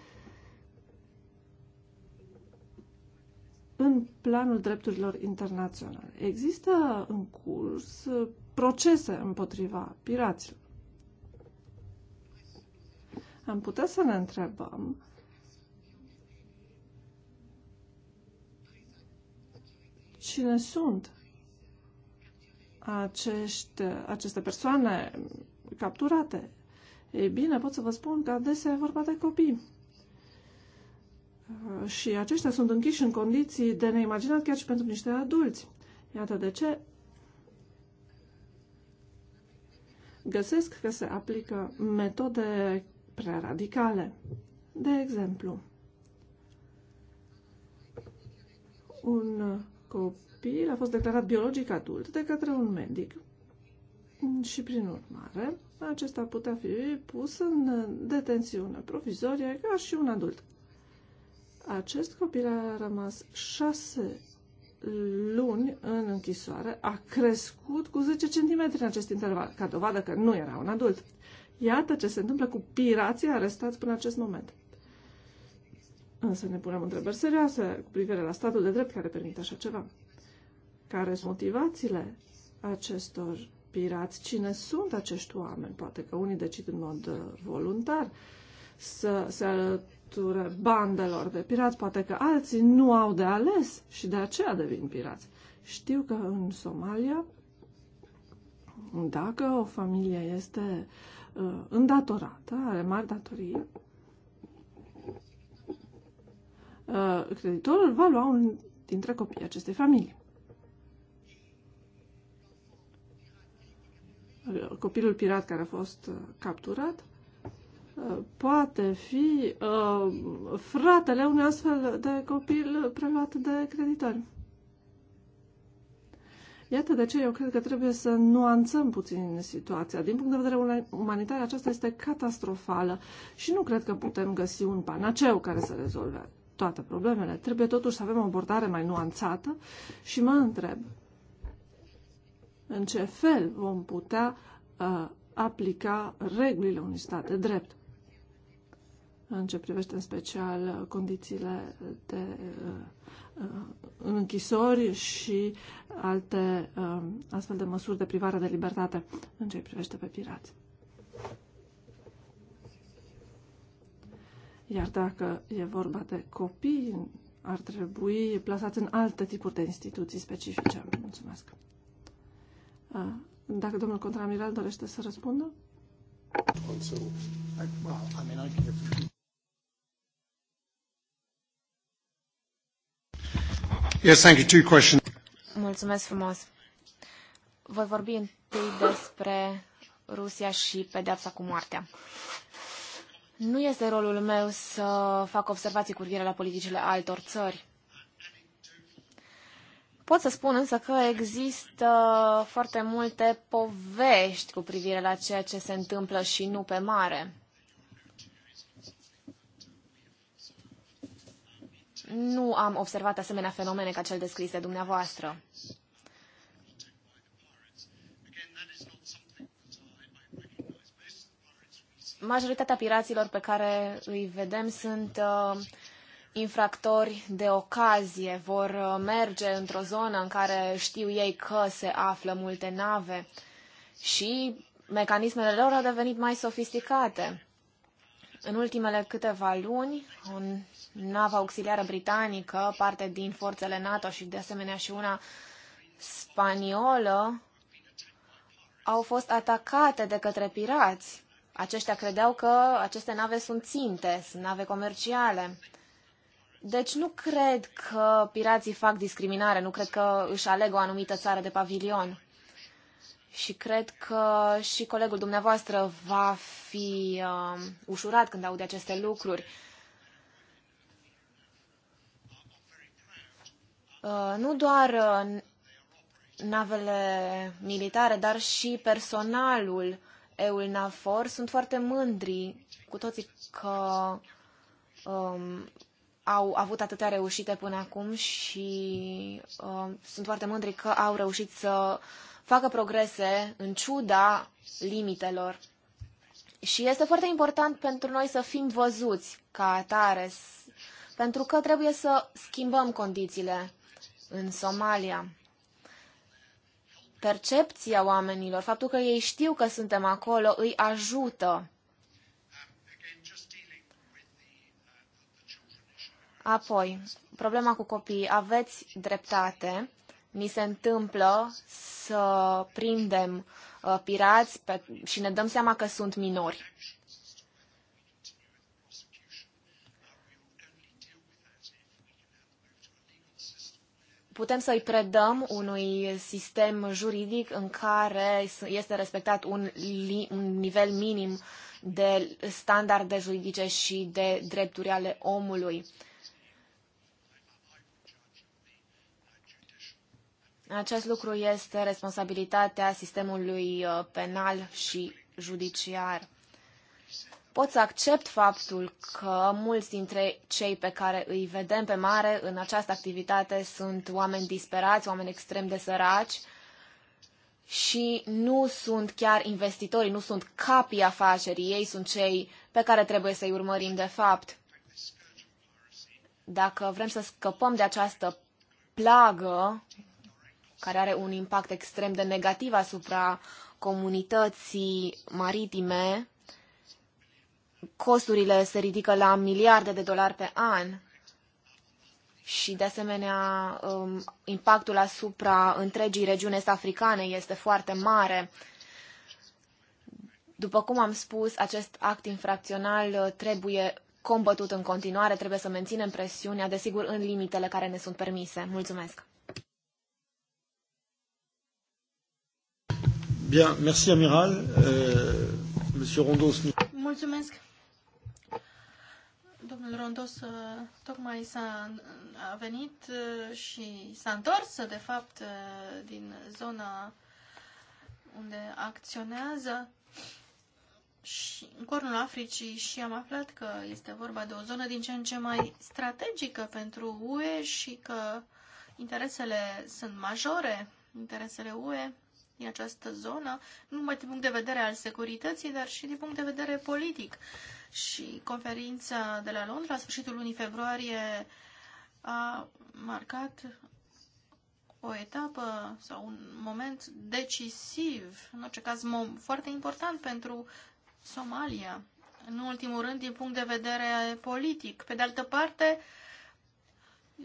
în planul drepturilor internaționale. Există în curs procese împotriva piraților am putea să ne întrebăm cine sunt acești, aceste persoane capturate. Ei bine, pot să vă spun că adesea e vorba de copii. Și aceștia sunt închiși în condiții de neimaginat chiar și pentru niște adulți. Iată de ce găsesc că se aplică metode prea radicale. De exemplu, un copil a fost declarat biologic adult de către un medic și, prin urmare, acesta putea fi pus în detențiune provizorie ca și un adult. Acest copil a rămas șase luni în închisoare, a crescut cu 10 cm în acest interval, ca dovadă că nu era un adult. Iată ce se întâmplă cu pirații arestați până acest moment. Însă ne punem întrebări serioase cu privire la statul de drept care permite așa ceva. Care sunt motivațiile acestor pirați? Cine sunt acești oameni? Poate că unii decid în mod uh, voluntar să se alăture bandelor de pirați, poate că alții nu au de ales și de aceea devin pirați. Știu că în Somalia, dacă o familie este uh, Uh, îndatorată, are mari datorii, uh, creditorul va lua un dintre copiii acestei familii. Uh, copilul pirat care a fost capturat poate fi fratele unui astfel de copil preluat de creditori. Iată de ce eu cred că trebuie să nuanțăm puțin situația. Din punct de vedere umanitar, aceasta este catastrofală și nu cred că putem găsi un panaceu care să rezolve toate problemele. Trebuie totuși să avem o abordare mai nuanțată și mă întreb în ce fel vom putea uh, aplica regulile unui stat de drept în ce privește în special condițiile de uh, Uh, în închisori și alte uh, astfel de măsuri de privare de libertate în ce privește pe pirați. Iar dacă e vorba de copii, ar trebui plasați în alte tipuri de instituții specifice. Mulțumesc. Uh, dacă domnul contramiral dorește să răspundă? Also, I, well, I mean, I can... Yes, thank you. Two questions. Mulțumesc frumos. Voi vorbi întâi despre Rusia și pedeapsa cu moartea. Nu este rolul meu să fac observații cu privire la politicile altor țări. Pot să spun însă că există foarte multe povești cu privire la ceea ce se întâmplă și nu pe mare. nu am observat asemenea fenomene ca cel descris de dumneavoastră. Majoritatea piraților pe care îi vedem sunt uh, infractori de ocazie. Vor uh, merge într-o zonă în care știu ei că se află multe nave și mecanismele lor au devenit mai sofisticate. În ultimele câteva luni, o navă auxiliară britanică, parte din forțele NATO și de asemenea și una spaniolă, au fost atacate de către pirați. Aceștia credeau că aceste nave sunt ținte, sunt nave comerciale. Deci nu cred că pirații fac discriminare, nu cred că își aleg o anumită țară de pavilion și cred că și colegul dumneavoastră va fi uh, ușurat când aude aceste lucruri. Uh, nu doar uh, navele militare, dar și personalul EULNAFOR sunt foarte mândri cu toții că um, au avut atâtea reușite până acum și uh, sunt foarte mândri că au reușit să uh, facă progrese în ciuda limitelor. Și este foarte important pentru noi să fim văzuți ca atare, pentru că trebuie să schimbăm condițiile în Somalia. Percepția oamenilor, faptul că ei știu că suntem acolo, îi ajută. Apoi, problema cu copiii. Aveți dreptate ni se întâmplă să prindem uh, pirați pe, și ne dăm seama că sunt minori. Putem să-i predăm unui sistem juridic în care este respectat un, li, un nivel minim de standarde juridice și de drepturi ale omului Acest lucru este responsabilitatea sistemului uh, penal și judiciar. Pot să accept faptul că mulți dintre cei pe care îi vedem pe mare în această activitate sunt oameni disperați, oameni extrem de săraci și nu sunt chiar investitorii, nu sunt capii afacerii, ei sunt cei pe care trebuie să-i urmărim de fapt. Dacă vrem să scăpăm de această plagă care are un impact extrem de negativ asupra comunității maritime. Costurile se ridică la miliarde de dolari pe an și, de asemenea, um, impactul asupra întregii regiuni africane este foarte mare. După cum am spus, acest act infracțional uh, trebuie combătut în continuare, trebuie să menținem presiunea, desigur, în limitele care ne sunt permise. Mulțumesc! Bien, merci amiral. Euh, Monsieur Rondos. Mulțumesc. Domnul Rondos uh, tocmai s-a a venit uh, și s-a întors, de fapt, uh, din zona unde acționează și în cornul Africii și am aflat că este vorba de o zonă din ce în ce mai strategică pentru UE și că interesele sunt majore, interesele UE din această zonă, nu numai din punct de vedere al securității, dar și din punct de vedere politic. Și conferința de la Londra, la sfârșitul lunii februarie, a marcat o etapă sau un moment decisiv, în orice caz foarte important pentru Somalia, în ultimul rând din punct de vedere politic. Pe de altă parte,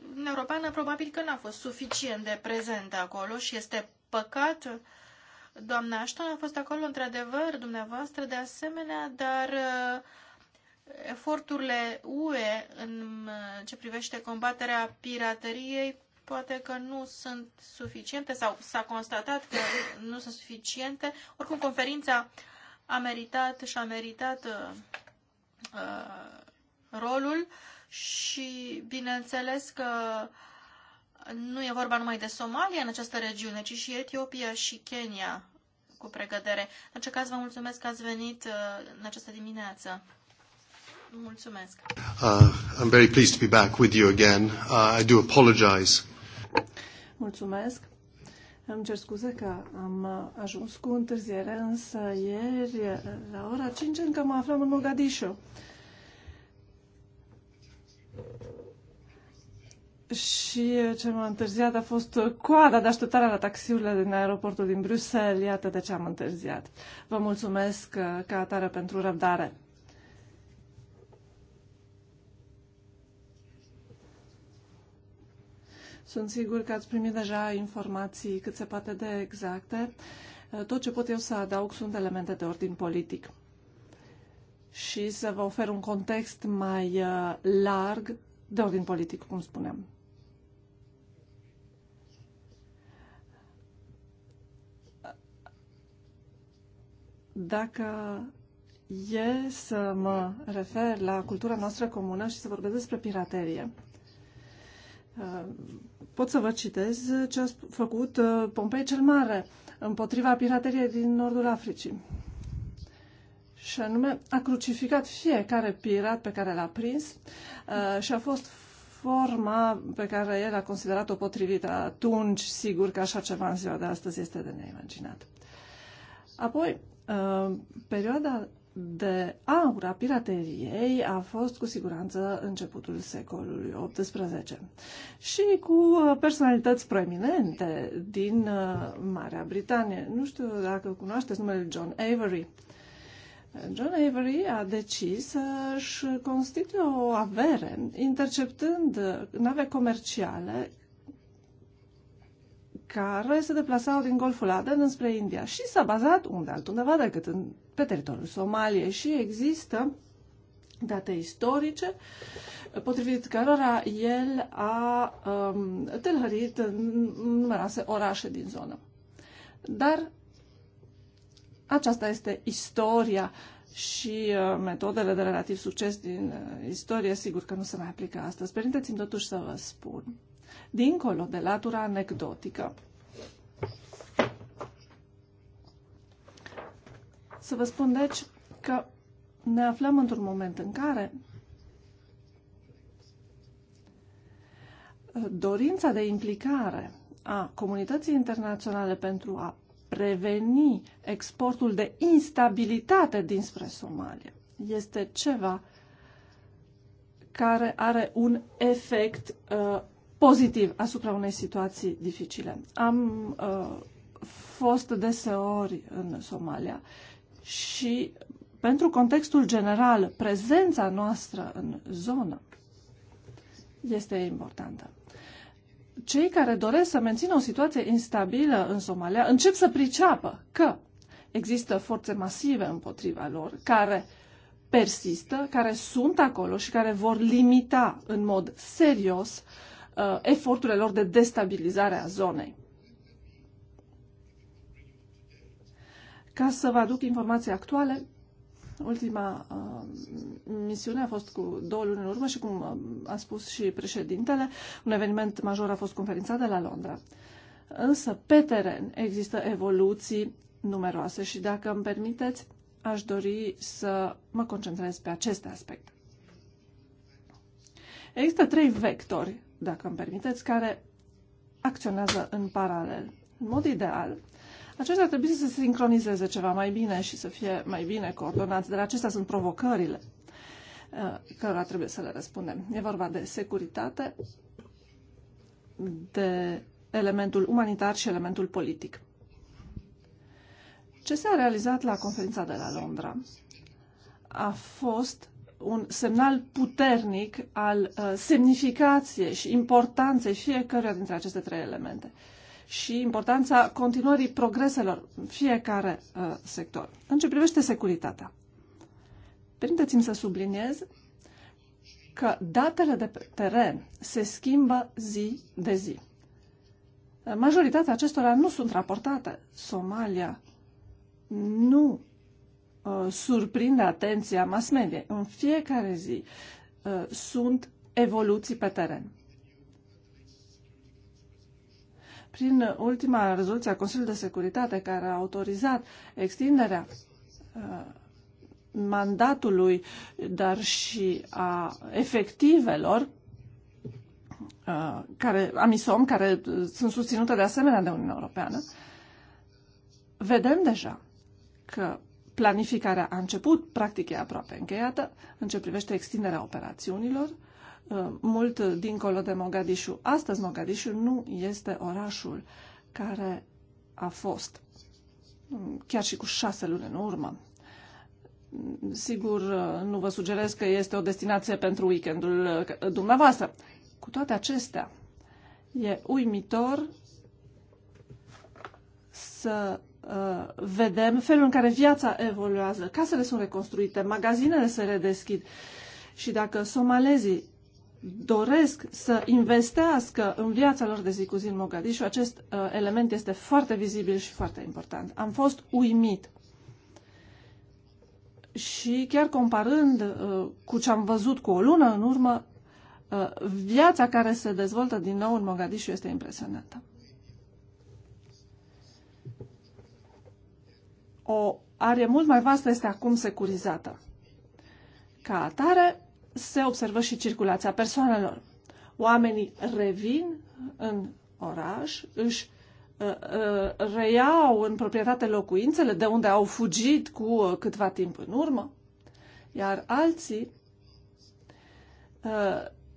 Uniunea Europeană probabil că n-a fost suficient de prezentă acolo și este păcat Doamna Ashton a fost acolo, într-adevăr, dumneavoastră, de asemenea, dar uh, eforturile UE în uh, ce privește combaterea pirateriei poate că nu sunt suficiente sau s-a constatat că nu sunt suficiente. Oricum, conferința a meritat și a meritat uh, uh rolul și bineînțeles că nu e vorba numai de Somalia în această regiune, ci și Etiopia și Kenya cu pregădere. În orice caz, vă mulțumesc că ați venit uh, în această dimineață. Mulțumesc. Uh, I'm very pleased to be back with you again. Uh, I do apologize. Mulțumesc. Îmi cer scuze că am uh, ajuns cu întârziere, însă ieri, uh, la ora 5, încă mă aflam în Mogadishu. și ce m-a întârziat a fost coada de așteptare la taxiurile din aeroportul din Bruxelles. Iată de ce am întârziat. Vă mulțumesc uh, ca atare pentru răbdare. Sunt sigur că ați primit deja informații cât se poate de exacte. Uh, tot ce pot eu să adaug sunt elemente de ordin politic și să vă ofer un context mai uh, larg de ordin politic, cum spuneam. Dacă e să mă refer la cultura noastră comună și să vorbesc despre piraterie, uh, pot să vă citez ce a făcut uh, Pompei cel Mare împotriva pirateriei din nordul Africii. Și anume, a crucificat fiecare pirat pe care l-a prins uh, și a fost forma pe care el a considerat-o potrivită atunci, sigur că așa ceva în ziua de astăzi este de neimaginat. Apoi, Uh, perioada de aur a pirateriei a fost cu siguranță începutul secolului XVIII și cu uh, personalități proeminente din uh, Marea Britanie. Nu știu dacă cunoașteți numele John Avery. John Avery a decis să-și constituie o avere interceptând nave comerciale care se deplasau din Golful Aden înspre India și s-a bazat unde altundeva decât în, pe teritoriul Somaliei și există date istorice potrivit cărora el a um, tâlhărit în numeroase orașe din zonă. Dar aceasta este istoria și uh, metodele de relativ succes din uh, istorie, sigur că nu se mai aplică astăzi. Permiteți-mi totuși să vă spun dincolo de latura anecdotică. Să vă spun, deci, că ne aflăm într-un moment în care uh, dorința de implicare a comunității internaționale pentru a preveni exportul de instabilitate dinspre Somalia este ceva care are un efect uh, pozitiv asupra unei situații dificile. Am uh, fost deseori în Somalia și pentru contextul general, prezența noastră în zonă este importantă. Cei care doresc să mențină o situație instabilă în Somalia încep să priceapă că există forțe masive împotriva lor care persistă, care sunt acolo și care vor limita în mod serios uh, uh, eforturile lor de destabilizare a zonei. Ca să vă aduc informații actuale, ultima uh, misiune a fost cu două luni în urmă și, cum uh, a spus și președintele, un eveniment major a fost conferința de la Londra. Însă, pe teren există evoluții numeroase și, dacă îmi permiteți, aș dori să mă concentrez pe aceste aspecte. Există trei vectori dacă îmi permiteți, care acționează în paralel. În mod ideal, Acestea ar trebui să se sincronizeze ceva mai bine și să fie mai bine coordonați, dar acestea sunt provocările uh, cărora trebuie să le răspundem. E vorba de securitate, de elementul umanitar și elementul politic. Ce s-a realizat la conferința de la Londra a fost un semnal puternic al uh, semnificației și importanței fiecăruia dintre aceste trei elemente și importanța continuării progreselor în fiecare uh, sector. În ce privește securitatea, permiteți-mi să subliniez că datele de pe teren se schimbă zi de zi. Majoritatea acestora nu sunt raportate. Somalia nu Uh, surprind atenția mass media. În fiecare zi uh, sunt evoluții pe teren. Prin ultima rezoluție a Consiliului de Securitate care a autorizat extinderea uh, mandatului, dar și a efectivelor care, amisom, care sunt susținute de asemenea de Uniunea Europeană, vedem deja că Planificarea a început, practic e aproape încheiată, în ce privește extinderea operațiunilor, uh, mult dincolo de Mogadishu. Astăzi Mogadishu nu este orașul care a fost mm, chiar și cu șase luni în urmă. Sigur, uh, nu vă sugerez că este o destinație pentru weekendul uh, dumneavoastră. Cu toate acestea, e uimitor să Uh, vedem felul în care viața evoluează. Casele sunt reconstruite, magazinele se redeschid. Și dacă somalezii doresc să investească în viața lor de zi cu zi în Mogadishu, acest uh, element este foarte vizibil și foarte important. Am fost uimit. Și chiar comparând uh, cu ce am văzut cu o lună în urmă, uh, viața care se dezvoltă din nou în Mogadishu este impresionantă. o arie mult mai vastă este acum securizată. Ca atare, se observă și circulația persoanelor. Oamenii revin în oraș, își uh, uh, reiau în proprietate locuințele de unde au fugit cu uh, câtva timp în urmă, iar alții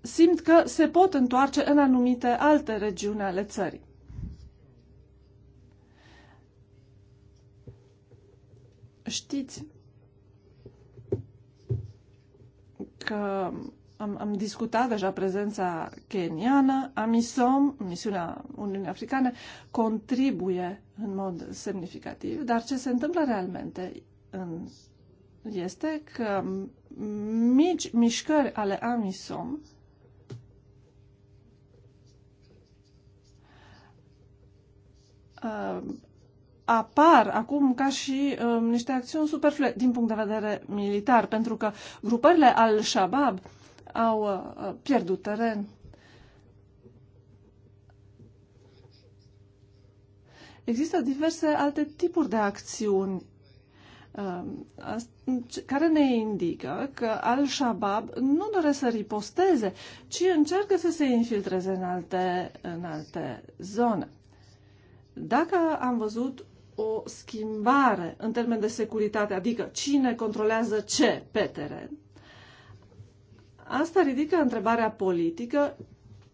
simt că se pot întoarce în anumite alte regiuni ale țării. Știți că am, am discutat deja prezența keniană, AMISOM, misiunea Uniunii Africane, contribuie în mod semnificativ, dar ce se întâmplă realmente în, este că mici mișcări ale AMISOM apar acum ca și um, niște acțiuni superflue din punct de vedere militar, pentru că grupările al Shabab au uh, pierdut teren. Există diverse alte tipuri de acțiuni um, care ne indică că Al-Shabaab nu doresc să riposteze, ci încearcă să se infiltreze în alte, în alte zone. Dacă am văzut o schimbare în termen de securitate, adică cine controlează ce pe teren, asta ridică întrebarea politică,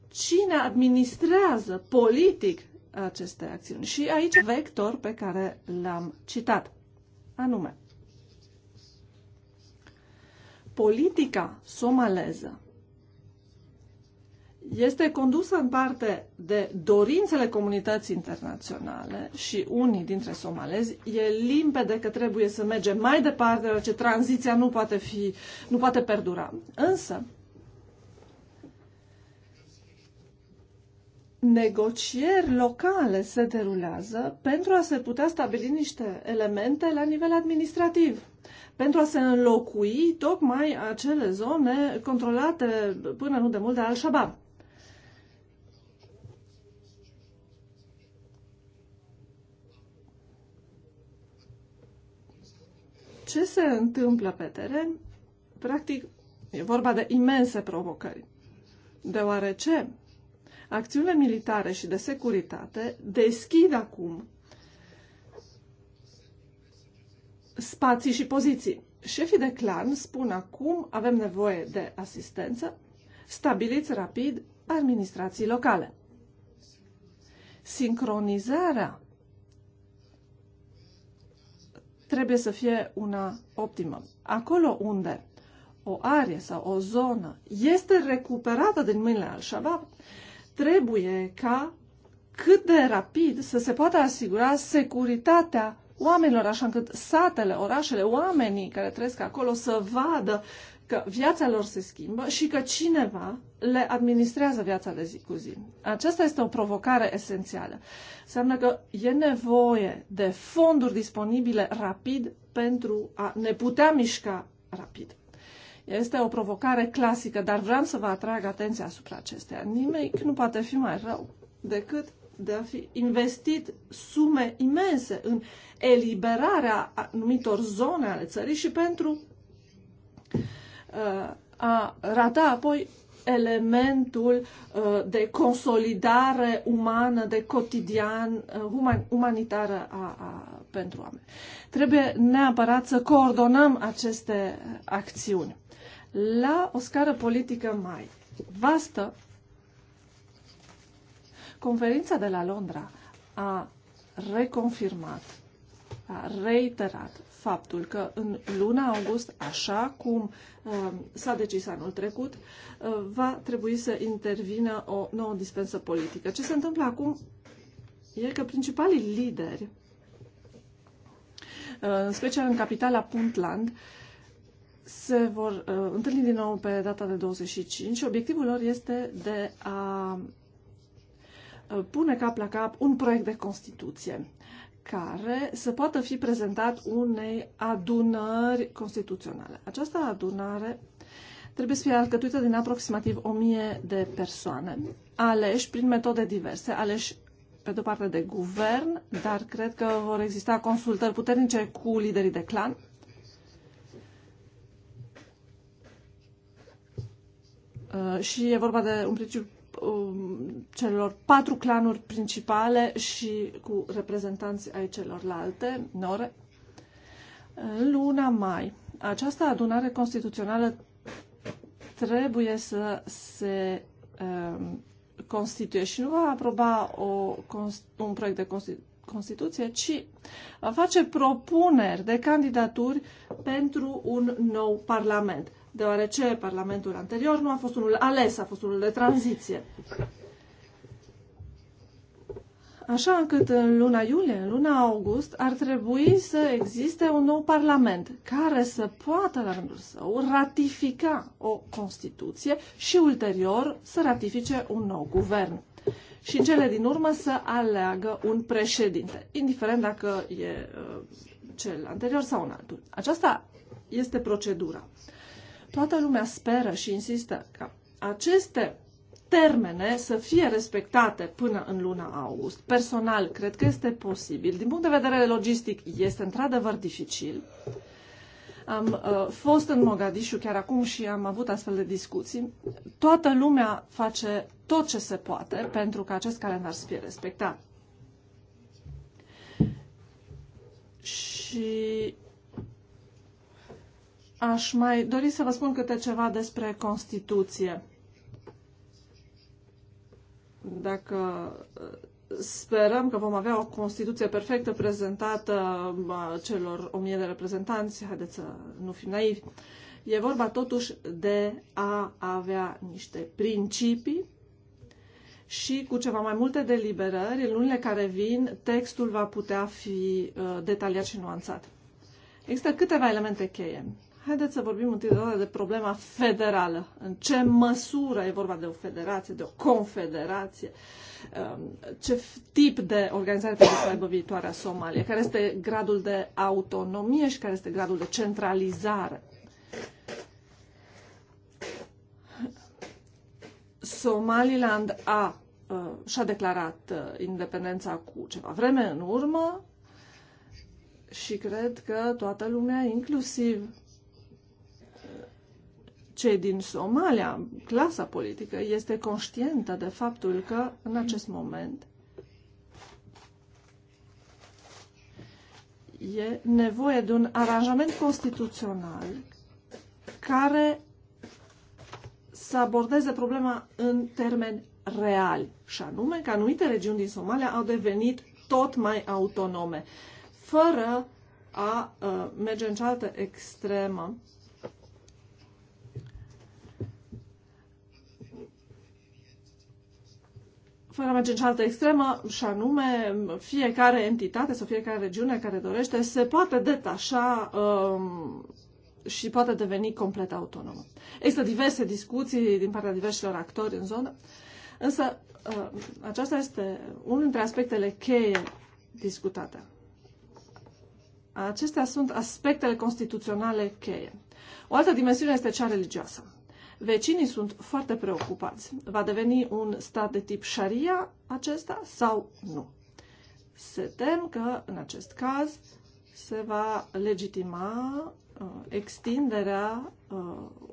cine administrează politic aceste acțiuni. Și aici vector pe care l-am citat, anume, politica somaleză este condusă în parte de dorințele comunității internaționale și unii dintre somalezi, e limpede că trebuie să mergem mai departe, deoarece tranziția nu poate, fi, nu poate perdura. Însă, negocieri locale se derulează pentru a se putea stabili niște elemente la nivel administrativ, pentru a se înlocui tocmai acele zone controlate până nu de de Al-Shabaab. ce se întâmplă pe teren, practic, e vorba de imense provocări, deoarece acțiunile militare și de securitate deschid acum spații și poziții. Șefii de clan spun acum avem nevoie de asistență, stabiliți rapid administrații locale. Sincronizarea trebuie să fie una optimă. Acolo unde o arie sau o zonă este recuperată din mâinile al Shabab, trebuie ca cât de rapid să se poată asigura securitatea oamenilor, așa încât satele, orașele, oamenii care trăiesc acolo să vadă că viața lor se schimbă și că cineva le administrează viața de zi cu zi. Aceasta este o provocare esențială. Înseamnă că e nevoie de fonduri disponibile rapid pentru a ne putea mișca rapid. Este o provocare clasică, dar vreau să vă atrag atenția asupra acesteia. Nimic nu poate fi mai rău decât de a fi investit sume imense în eliberarea anumitor zone ale țării și pentru Uh, a rata apoi elementul uh, de consolidare umană, de cotidian, uh, uman, umanitară a, a, pentru oameni. Trebuie neapărat să coordonăm aceste acțiuni. La o scară politică mai vastă, conferința de la Londra a reconfirmat, a reiterat faptul că în luna august, așa cum uh, s-a decis anul trecut, uh, va trebui să intervină o nouă dispensă politică. Ce se întâmplă acum e că principalii lideri, uh, în special în capitala Puntland, se vor uh, întâlni din nou pe data de 25 și obiectivul lor este de a pune cap la cap un proiect de Constituție care să poată fi prezentat unei adunări constituționale. Această adunare trebuie să fie alcătuită din aproximativ 1000 de persoane, aleși prin metode diverse, aleși pe de-o parte de guvern, dar cred că vor exista consultări puternice cu liderii de clan. Uh, și e vorba de un principiu Um, celor patru clanuri principale și cu reprezentanți ai celorlalte, Nore, în luna mai. Această adunare constituțională trebuie să se um, constituie și nu va aproba o, un proiect de Constituție Constituție, ci va face propuneri de candidaturi pentru un nou Parlament deoarece Parlamentul anterior nu a fost unul ales, a fost unul de tranziție. Așa încât în luna iulie, în luna august, ar trebui să existe un nou Parlament care să poată, la rândul său, ratifica o Constituție și ulterior să ratifice un nou guvern. Și în cele din urmă să aleagă un președinte, indiferent dacă e uh, cel anterior sau un altul. Aceasta este procedura. Toată lumea speră și insistă ca aceste termene să fie respectate până în luna august. Personal, cred că este posibil. Din punct de vedere logistic, este într-adevăr dificil. Am uh, fost în Mogadishu chiar acum și am avut astfel de discuții. Toată lumea face tot ce se poate pentru ca acest calendar să fie respectat. Și aș mai dori să vă spun câte ceva despre Constituție. Dacă uh, sperăm că vom avea o Constituție perfectă prezentată uh, celor o mie de reprezentanți, haideți să nu fim naivi, e vorba totuși de a avea niște principii și cu ceva mai multe deliberări, în lunile care vin, textul va putea fi uh, detaliat și nuanțat. Există câteva elemente cheie Haideți să vorbim întâi de de problema federală. În ce măsură e vorba de o federație, de o confederație? Um, ce tip de organizare trebuie să aibă viitoarea Somalia? Care este gradul de autonomie și care este gradul de centralizare? Somaliland a, uh, și-a declarat uh, independența cu ceva vreme în urmă și cred că toată lumea, inclusiv cei din Somalia, clasa politică, este conștientă de faptul că în acest moment e nevoie de un aranjament constituțional care să abordeze problema în termeni reali, și anume că anumite regiuni din Somalia au devenit tot mai autonome, fără a uh, merge în cealaltă extremă Fără a merge în cealaltă extremă, și anume fiecare entitate sau fiecare regiune care dorește se poate detașa um, și poate deveni complet autonomă. Există diverse discuții din partea diversilor actori în zonă, însă uh, aceasta este unul dintre aspectele cheie discutate. Acestea sunt aspectele constituționale cheie. O altă dimensiune este cea religioasă. Vecinii sunt foarte preocupați. Va deveni un stat de tip Sharia acesta sau nu? Se tem că, în acest caz, se va legitima uh, extinderea uh,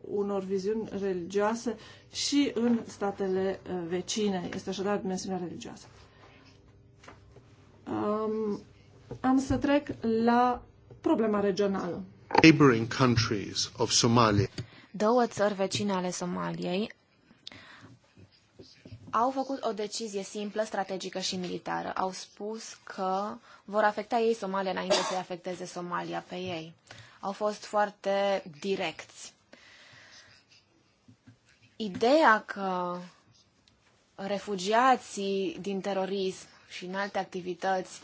unor viziuni religioase și în statele uh, vecine. Este așadar dimensiunea religioasă. Um, am să trec la problema regională. Neighboring countries of Somalia două țări vecine ale Somaliei au făcut o decizie simplă, strategică și militară. Au spus că vor afecta ei Somalia înainte să-i afecteze Somalia pe ei. Au fost foarte direcți. Ideea că refugiații din terorism și în alte activități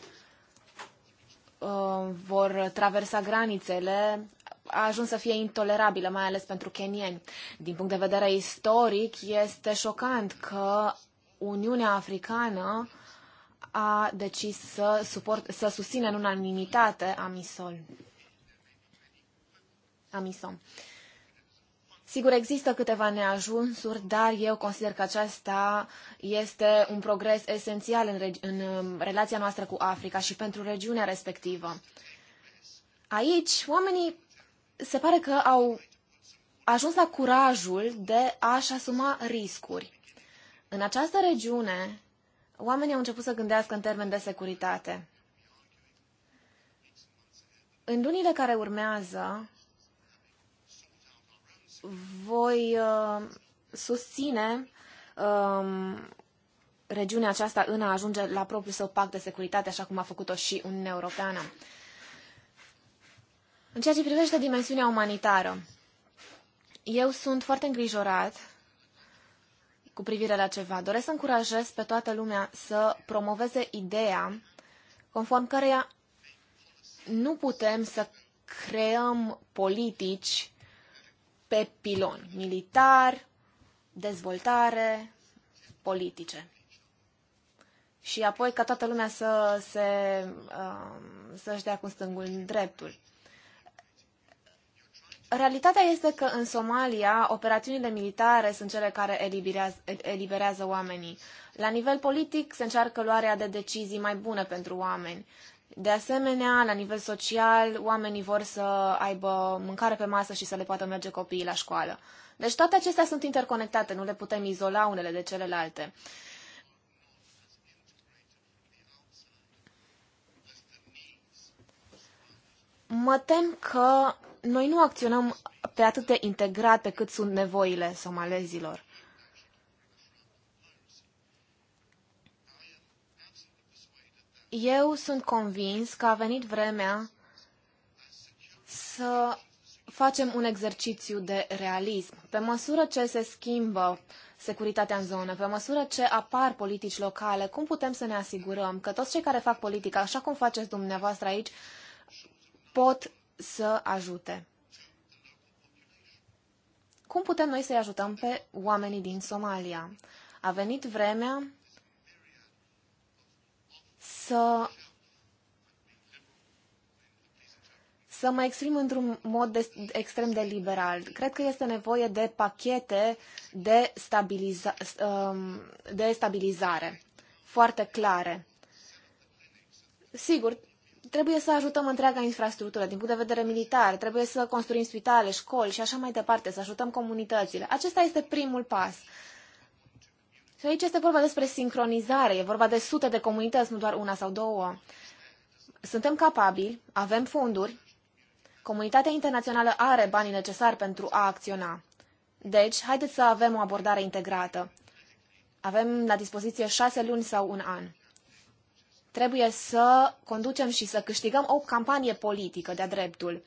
uh, vor traversa granițele a ajuns să fie intolerabilă, mai ales pentru kenieni. Din punct de vedere istoric, este șocant că Uniunea Africană a decis să, suport, să susține în unanimitate Amisol. Amisom. Sigur, există câteva neajunsuri, dar eu consider că aceasta este un progres esențial în, în um, relația noastră cu Africa și pentru regiunea respectivă. Aici, oamenii se pare că au ajuns la curajul de a-și asuma riscuri. În această regiune, oamenii au început să gândească în termen de securitate. În lunile care urmează, voi uh, susține uh, regiunea aceasta în a ajunge la propriul său pact de securitate, așa cum a făcut-o și Uniunea Europeană. În ceea ce privește dimensiunea umanitară, eu sunt foarte îngrijorat cu privire la ceva. Doresc să încurajez pe toată lumea să promoveze ideea conform căreia nu putem să creăm politici pe pilon, militar, dezvoltare, politice. Și apoi ca toată lumea să se, um, să-și dea cu stângul în dreptul. Realitatea este că în Somalia operațiunile militare sunt cele care eliberează, oamenii. La nivel politic se încearcă luarea de decizii mai bune pentru oameni. De asemenea, la nivel social, oamenii vor să aibă mâncare pe masă și să le poată merge copiii la școală. Deci toate acestea sunt interconectate, nu le putem izola unele de celelalte. Mă tem că noi nu acționăm pe atât de integrat pe cât sunt nevoile somalezilor. Eu sunt convins că a venit vremea să facem un exercițiu de realism. Pe măsură ce se schimbă securitatea în zonă, pe măsură ce apar politici locale, cum putem să ne asigurăm că toți cei care fac politică, așa cum faceți dumneavoastră aici, pot să ajute. Cum putem noi să-i ajutăm pe oamenii din Somalia? A venit vremea să să mă exprim într-un mod de, extrem de liberal. Cred că este nevoie de pachete de, stabiliza, um, de stabilizare foarte clare. Sigur, Trebuie să ajutăm întreaga infrastructură din punct de vedere militar, trebuie să construim spitale, școli și așa mai departe, să ajutăm comunitățile. Acesta este primul pas. Și aici este vorba despre sincronizare, e vorba de sute de comunități, nu doar una sau două. Suntem capabili, avem fonduri, comunitatea internațională are banii necesari pentru a acționa. Deci, haideți să avem o abordare integrată. Avem la dispoziție șase luni sau un an. Trebuie să conducem și să câștigăm o campanie politică de-a dreptul.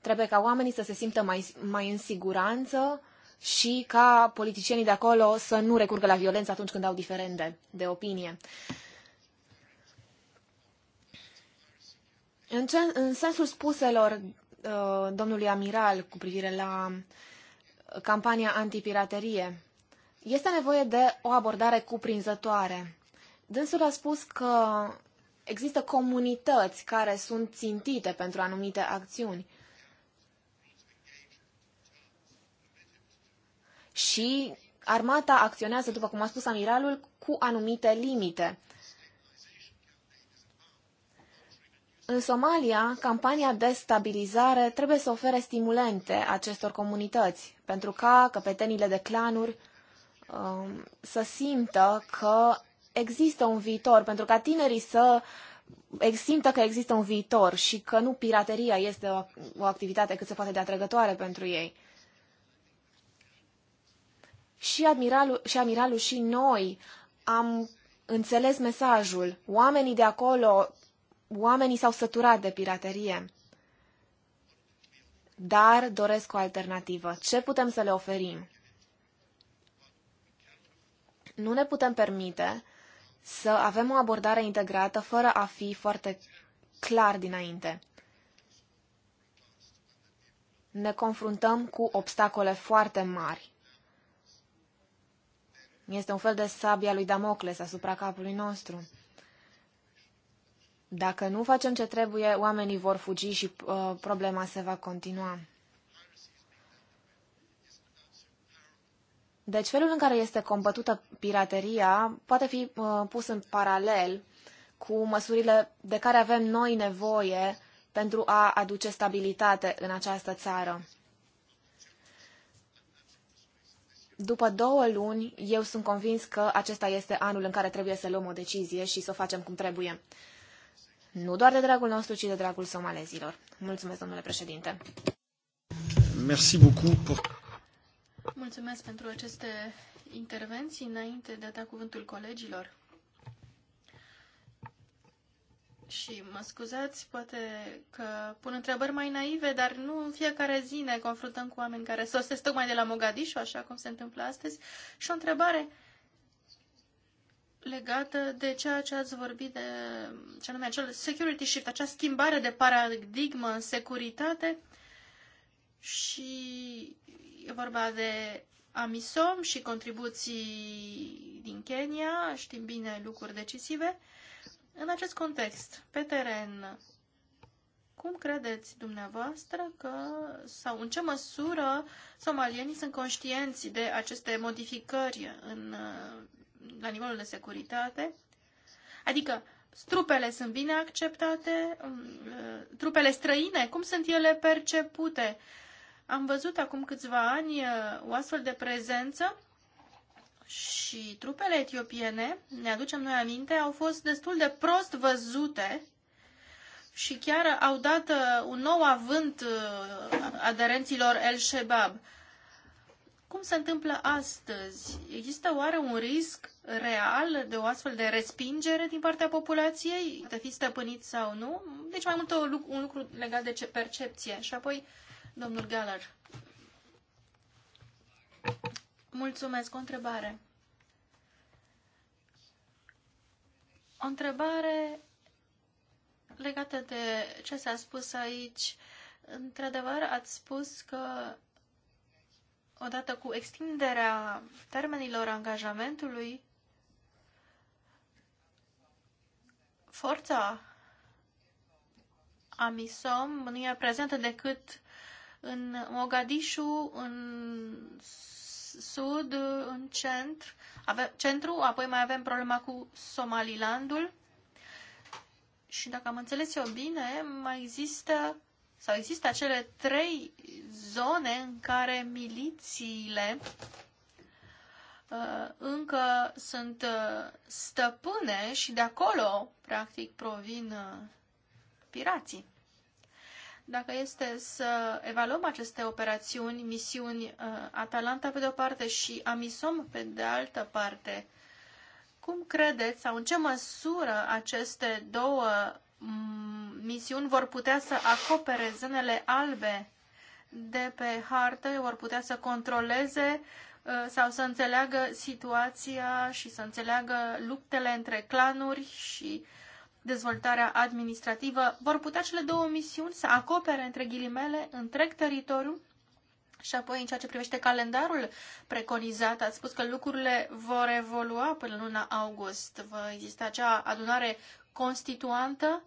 Trebuie ca oamenii să se simtă mai, mai în siguranță și ca politicienii de acolo să nu recurgă la violență atunci când au diferende de opinie. În, ce, în sensul spuselor uh, domnului Amiral cu privire la campania antipiraterie, este nevoie de o abordare cuprinzătoare. Dânsul a spus că există comunități care sunt țintite pentru anumite acțiuni. Și armata acționează, după cum a spus amiralul, cu anumite limite. În Somalia, campania de stabilizare trebuie să ofere stimulente acestor comunități, pentru ca căpetenile de clanuri um, să simtă că există un viitor, pentru ca tinerii să simtă că există un viitor și că nu pirateria este o, o activitate cât se poate de atrăgătoare pentru ei. Și admiralul, și admiralul și noi am înțeles mesajul. Oamenii de acolo, oamenii s-au săturat de piraterie. Dar doresc o alternativă. Ce putem să le oferim? Nu ne putem permite să avem o abordare integrată fără a fi foarte clar dinainte. Ne confruntăm cu obstacole foarte mari. Este un fel de sabia lui Damocles asupra capului nostru. Dacă nu facem ce trebuie, oamenii vor fugi și uh, problema se va continua. Deci felul în care este combătută pirateria poate fi uh, pus în paralel cu măsurile de care avem noi nevoie pentru a aduce stabilitate în această țară. După două luni, eu sunt convins că acesta este anul în care trebuie să luăm o decizie și să o facem cum trebuie. Nu doar de dragul nostru, ci de dragul somalezilor. Mulțumesc, domnule președinte. Merci beaucoup pour... Mulțumesc pentru aceste intervenții înainte de a da cuvântul colegilor. Și mă scuzați, poate că pun întrebări mai naive, dar nu în fiecare zi ne confruntăm cu oameni care sosesc tocmai de la Mogadishu, așa cum se întâmplă astăzi. Și o întrebare legată de ceea ce ați vorbit de, ce anume, acel security shift, acea schimbare de paradigmă în securitate și E vorba de Amisom și contribuții din Kenya, știm bine lucruri decisive. În acest context, pe teren, cum credeți dumneavoastră că, sau în ce măsură, somalienii sunt conștienți de aceste modificări în, la nivelul de securitate? Adică, trupele sunt bine acceptate, um, trupele străine, cum sunt ele percepute? Am văzut acum câțiva ani uh, o astfel de prezență și trupele etiopiene, ne aducem noi aminte, au fost destul de prost văzute și chiar au dat uh, un nou avânt uh, aderenților El Shebab. Cum se întâmplă astăzi? Există oare un risc real de o astfel de respingere din partea populației? Te fi stăpânit sau nu? Deci mai mult un lucru legat de percepție. Și apoi Domnul Galler. Mulțumesc. O întrebare. O întrebare legată de ce s-a spus aici. Într-adevăr, ați spus că odată cu extinderea termenilor angajamentului, forța Amisom nu e prezentă decât în Mogadishu, în sud, în centru, ave, centru, apoi mai avem problema cu Somalilandul. Și dacă am înțeles eu bine, mai există sau există acele trei zone în care milițiile uh, încă sunt uh, stăpâne și de acolo, practic, provin uh, pirații dacă este să evaluăm aceste operațiuni, misiuni uh, Atalanta pe de o parte și Amisom pe de altă parte, cum credeți sau în ce măsură aceste două mm, misiuni vor putea să acopere zonele albe de pe hartă, vor putea să controleze uh, sau să înțeleagă situația și să înțeleagă luptele între clanuri și uh, dezvoltarea administrativă, vor putea cele două misiuni să acopere, între ghilimele, întreg teritoriul și apoi, în ceea ce privește calendarul preconizat, ați spus că lucrurile vor evolua până luna august. Va exista acea adunare constituantă.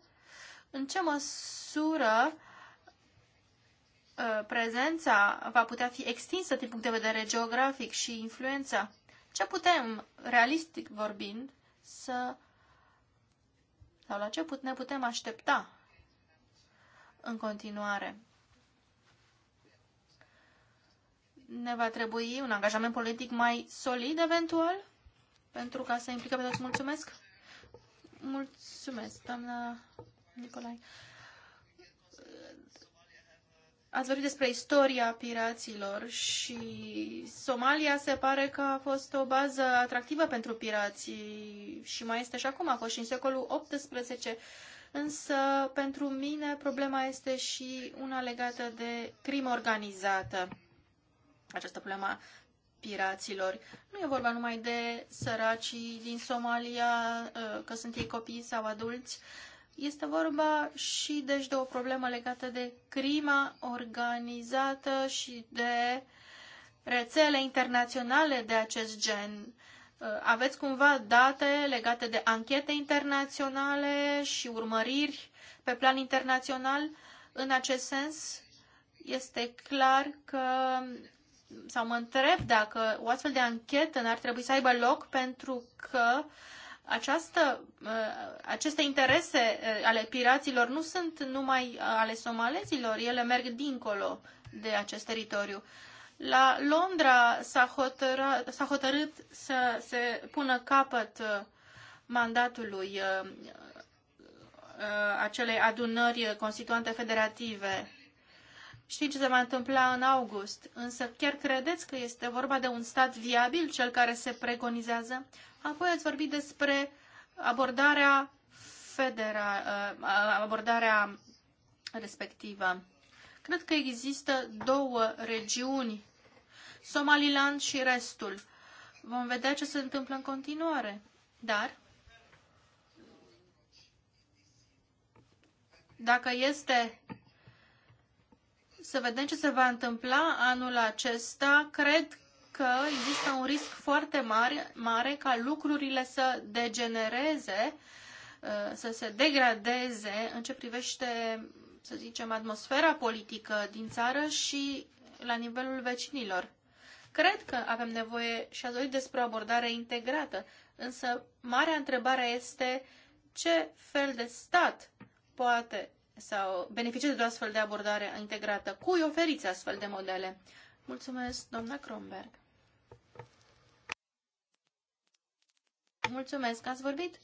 În ce măsură ă, prezența va putea fi extinsă din punct de vedere geografic și influența? Ce putem, realistic vorbind, să sau la ce put ne putem aștepta în continuare? Ne va trebui un angajament politic mai solid, eventual, pentru ca să implicăm pe toți. Mulțumesc! Mulțumesc, doamna Nicolae. Ați vorbit despre istoria piraților și Somalia se pare că a fost o bază atractivă pentru pirații și mai este și acum, a fost și în secolul XVIII. Însă, pentru mine, problema este și una legată de crimă organizată. Această problemă piraților. Nu e vorba numai de săracii din Somalia, ă, că sunt ei copii sau adulți, este vorba și deci de o problemă legată de crima organizată și de rețele internaționale de acest gen. Uh, aveți cumva date legate de anchete internaționale și urmăriri pe plan internațional în acest sens? Este clar că sau mă întreb dacă o astfel de anchetă n-ar trebui să aibă loc pentru că uh, această, uh, aceste interese uh, ale piraților nu sunt numai ale somalezilor, ele merg dincolo de acest teritoriu. La Londra s-a, s-a hotărât să se pună capăt uh, mandatului acelei adunări constituante federative. Știți ce se va întâmpla în august, însă chiar credeți că este vorba de un stat viabil, cel care se preconizează? Apoi ați vorbit despre abordarea, federa, uh, abordarea respectivă. Cred că există două regiuni, Somaliland și restul. Vom vedea ce se întâmplă în continuare. Dar dacă este să vedem ce se va întâmpla anul acesta, cred că există un risc foarte mare, mare ca lucrurile să degenereze, uh, să se degradeze în ce privește, să zicem, atmosfera politică din țară și la nivelul vecinilor. Cred că avem nevoie și a doi despre o abordare integrată, însă marea întrebare este ce fel de stat poate sau beneficieze de o astfel de abordare integrată. Cui oferiți astfel de modele? Mulțumesc, doamna Kronberg. Mulțumesc. Ați vorbit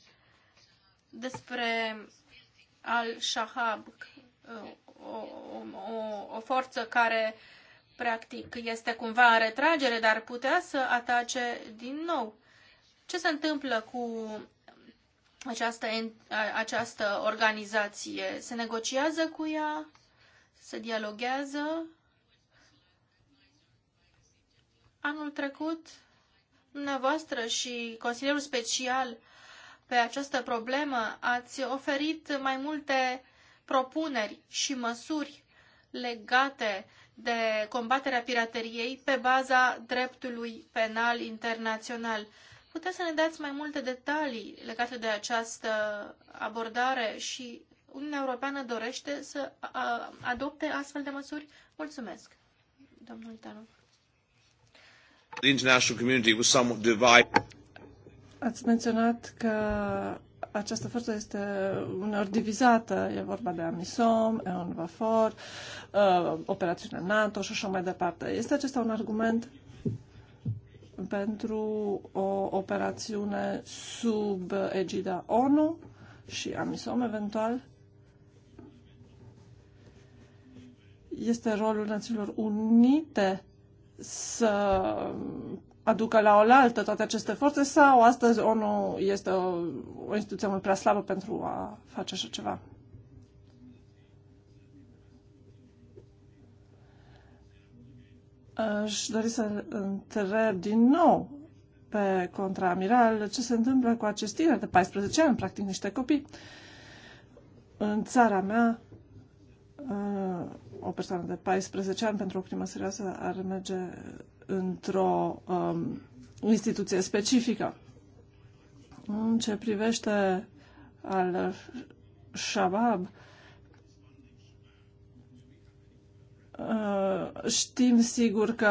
despre Al-Shahab, uh, o, o, o forță care practic este cumva în retragere, dar putea să atace din nou. Ce se întâmplă cu această, această organizație? Se negociază cu ea? Se dialoghează? Anul trecut Dumneavoastră și consilierul special pe această problemă ați oferit mai multe propuneri și măsuri legate de combaterea pirateriei pe baza dreptului penal internațional. Puteți să ne dați mai multe detalii legate de această abordare și Uniunea Europeană dorește să adopte astfel de măsuri? Mulțumesc, domnul Tanu. Ați menționat că această forță este uneori divizată, e vorba de Amisom, Eon Vafor, uh, operațiunea NATO și așa mai departe. Este acesta un argument pentru o operațiune sub egida ONU și Amisom eventual? Este rolul Națiunilor Unite să aducă la oaltă toate aceste forțe sau astăzi ONU este o, o instituție mult prea slabă pentru a face așa ceva? Aș dori să întreb din nou pe contraamiral ce se întâmplă cu acest tiner de 14 ani, practic niște copii. În țara mea, o persoană de 14 ani pentru o crimă serioasă ar merge într-o um, instituție specifică. În ce privește al Shabab, uh, știm sigur că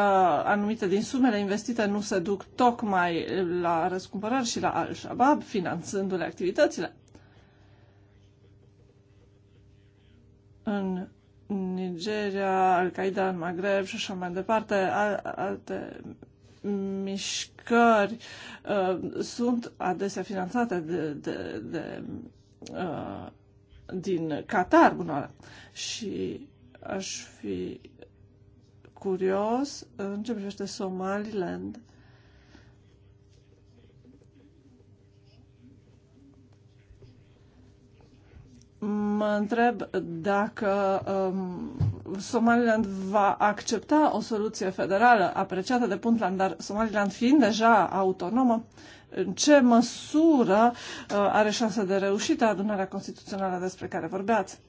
anumite din sumele investite nu se duc tocmai la răscumpărări și la Al-Shabaab, finanțându-le activitățile. În Nigeria, Al-Qaeda în Maghreb și așa mai departe, alte mișcări uh, sunt adesea finanțate de, de, de, uh, din Qatar, bună Și aș fi curios în ce privește Somaliland Mă întreb dacă um, Somaliland va accepta o soluție federală apreciată de Puntland, dar Somaliland fiind deja autonomă, în ce măsură uh, are șansa de reușită adunarea constituțională despre care vorbeați?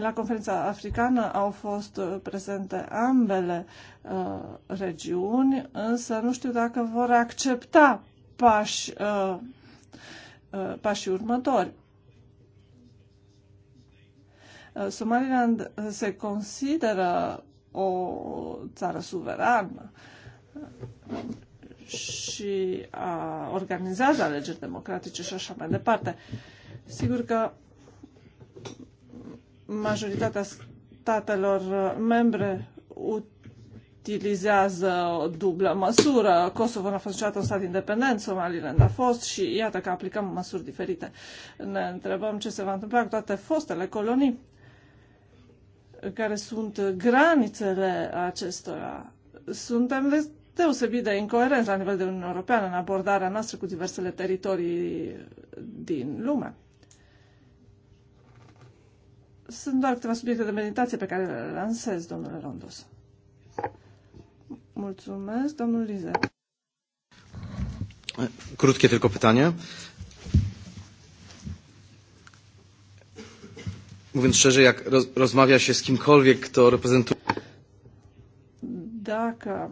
La conferința africană au fost uh, prezente ambele uh, regiuni, însă nu știu dacă vor accepta pași, uh, uh, pașii următori Uh, Somaliland uh, se consideră o țară suverană uh, și a, organizează alegeri democratice și așa mai departe. Sigur că majoritatea statelor membre utilizează o dublă măsură. Kosovo n-a fost niciodată un stat independent, Somaliland a fost și iată că aplicăm măsuri diferite. Ne întrebăm ce se va întâmpla cu toate fostele colonii care sunt granițele acestora. Suntem deosebit de incoerenți la nivel de Uniunea Europeană în abordarea noastră cu diversele teritorii din lume. Sunt doar câteva subiecte de meditație pe care le lansez, domnule Rondos. Mulțumesc, domnul Lize. Krótkie tylko pytanie. mówiąc szczerze, jak roz, rozmawia się z kimkolwiek, kto reprezentuje. Dacă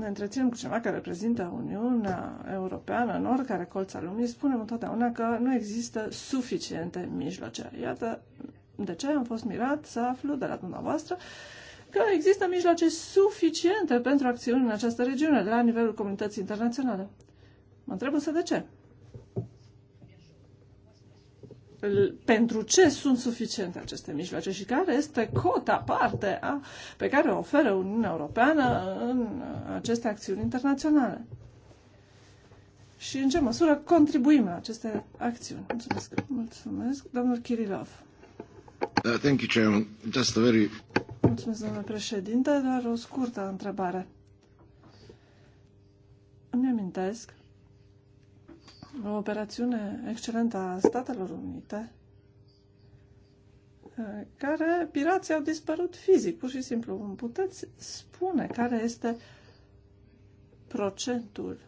ne întreținem cu ceva care reprezintă Uniunea Europeană în oricare colț al lumii, spunem întotdeauna că nu există suficiente mijloace. Iată de ce am fost mirat să aflu de la dumneavoastră că există mijloace suficiente pentru acțiuni în această regiune, de la nivelul comunității internaționale. Mă întreb să de ce pentru ce sunt suficiente aceste mijloace și care este cota parte a, pe care o oferă Uniunea Europeană în aceste acțiuni internaționale. Și în ce măsură contribuim la aceste acțiuni. Mulțumesc. Mulțumesc. Domnul Kirilov. Uh, thank you, Chairman. Just a very... Mulțumesc, domnule președinte. Doar o scurtă întrebare. Îmi amintesc o operațiune excelentă a Statelor Unite, eh, care pirații au dispărut fizic, pur și simplu. puteți spune care este procentul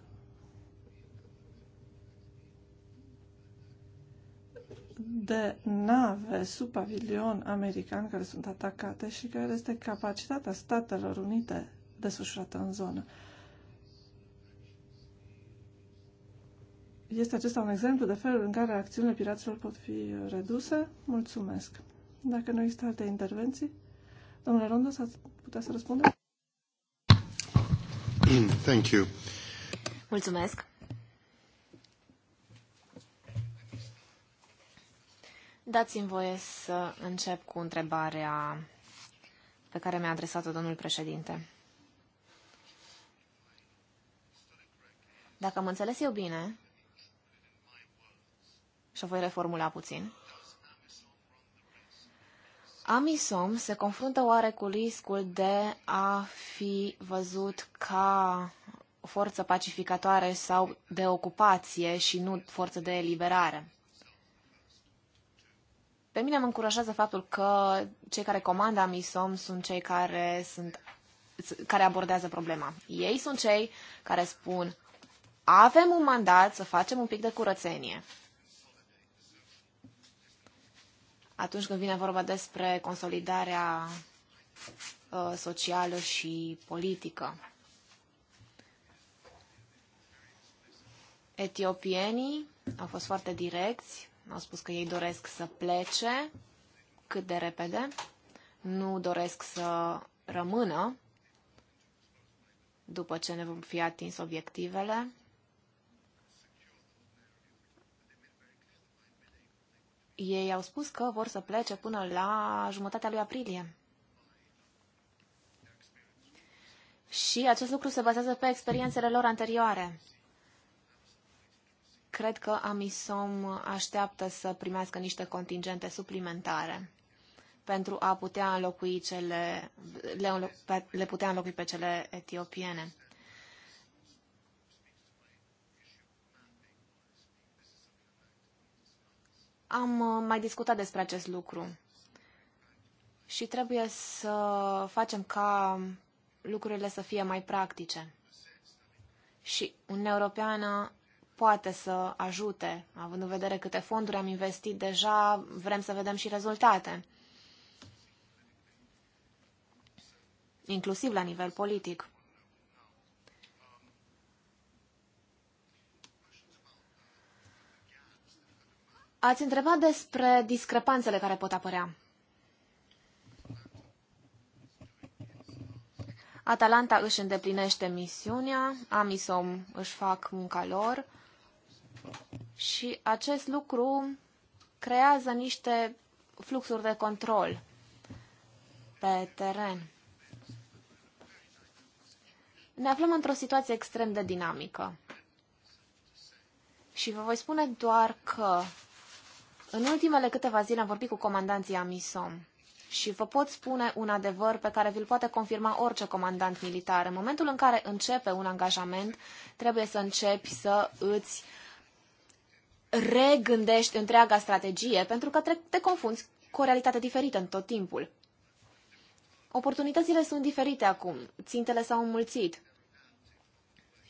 de nave sub pavilion american care sunt atacate și care este capacitatea Statelor Unite desfășurată în zonă. Este acesta un exemplu de felul în care acțiunile piraților pot fi reduse? Mulțumesc. Dacă nu există alte intervenții, domnule Rondo, să putea să răspundă? (clears throat) Thank you. Mulțumesc. Dați-mi voie să încep cu întrebarea pe care mi-a adresat-o domnul președinte. Dacă am înțeles eu bine, și o voi reformula puțin. Amisom se confruntă oare cu riscul de a fi văzut ca forță pacificatoare sau de ocupație și nu forță de eliberare. Pe mine mă încurajează faptul că cei care comandă Amisom sunt cei care, sunt, care abordează problema. Ei sunt cei care spun avem un mandat să facem un pic de curățenie. atunci când vine vorba despre consolidarea uh, socială și politică. Etiopienii au fost foarte direcți, au spus că ei doresc să plece cât de repede, nu doresc să rămână după ce ne vom fi atins obiectivele Ei au spus că vor să plece până la jumătatea lui aprilie. Și acest lucru se bazează pe experiențele lor anterioare. Cred că Amisom așteaptă să primească niște contingente suplimentare pentru a putea înlocui cele, le, le putea înlocui pe cele etiopiene. Am uh, mai discutat despre acest lucru și trebuie să facem ca lucrurile să fie mai practice. Și Uniunea Europeană poate să ajute, având în vedere câte fonduri am investit deja, vrem să vedem și rezultate, inclusiv la nivel politic. Ați întrebat despre discrepanțele care pot apărea. Atalanta își îndeplinește misiunea, Amisom își fac munca lor și acest lucru creează niște fluxuri de control pe teren. Ne aflăm într-o situație extrem de dinamică. Și vă voi spune doar că în ultimele câteva zile am vorbit cu comandanții Amisom și vă pot spune un adevăr pe care vi-l poate confirma orice comandant militar. În momentul în care începe un angajament, trebuie să începi să îți regândești întreaga strategie, pentru că te confunzi cu o realitate diferită în tot timpul. Oportunitățile sunt diferite acum, țintele s-au înmulțit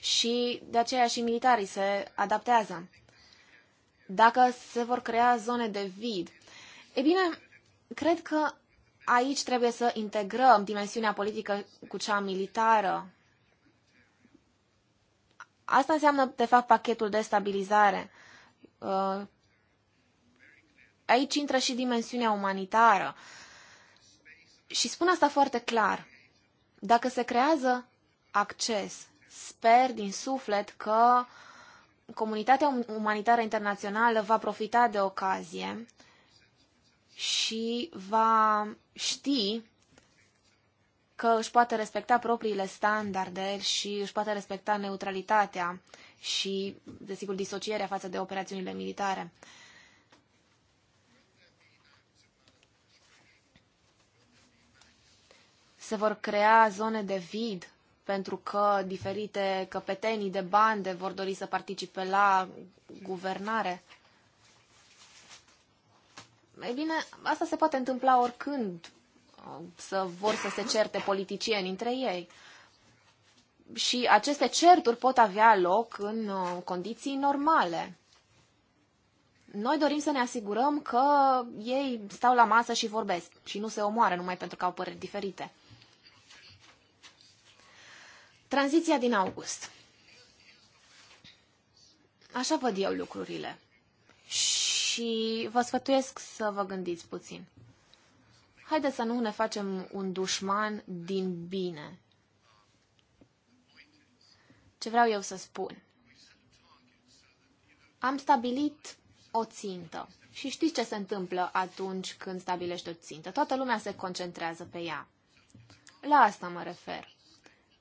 și de aceea și militarii se adaptează dacă se vor crea zone de vid. E bine, cred că aici trebuie să integrăm dimensiunea politică cu cea militară. Asta înseamnă, de fapt, pachetul de stabilizare. Uh, aici intră și dimensiunea umanitară. Și spun asta foarte clar. Dacă se creează acces, sper din suflet că uh, comunitatea um- umanitară internațională va profita de ocazie și va ști că își poate respecta propriile standarde și își poate respecta neutralitatea și, desigur, disocierea față de operațiunile militare. Se vor crea zone de vid pentru că diferite căpetenii de bande vor dori să participe la guvernare. Ei bine, asta se poate întâmpla oricând, uh, să vor să se certe politicieni între ei. Și aceste certuri pot avea loc în uh, condiții normale. Noi dorim să ne asigurăm că ei stau la masă și vorbesc și nu se omoară numai pentru că au păreri diferite. Tranziția din august. Așa văd eu lucrurile. Și vă sfătuiesc să vă gândiți puțin. Haideți să nu ne facem un dușman din bine. Ce vreau eu să spun? Am stabilit o țintă. Și știți ce se întâmplă atunci când stabilești o țintă? Toată lumea se concentrează pe ea. La asta mă refer.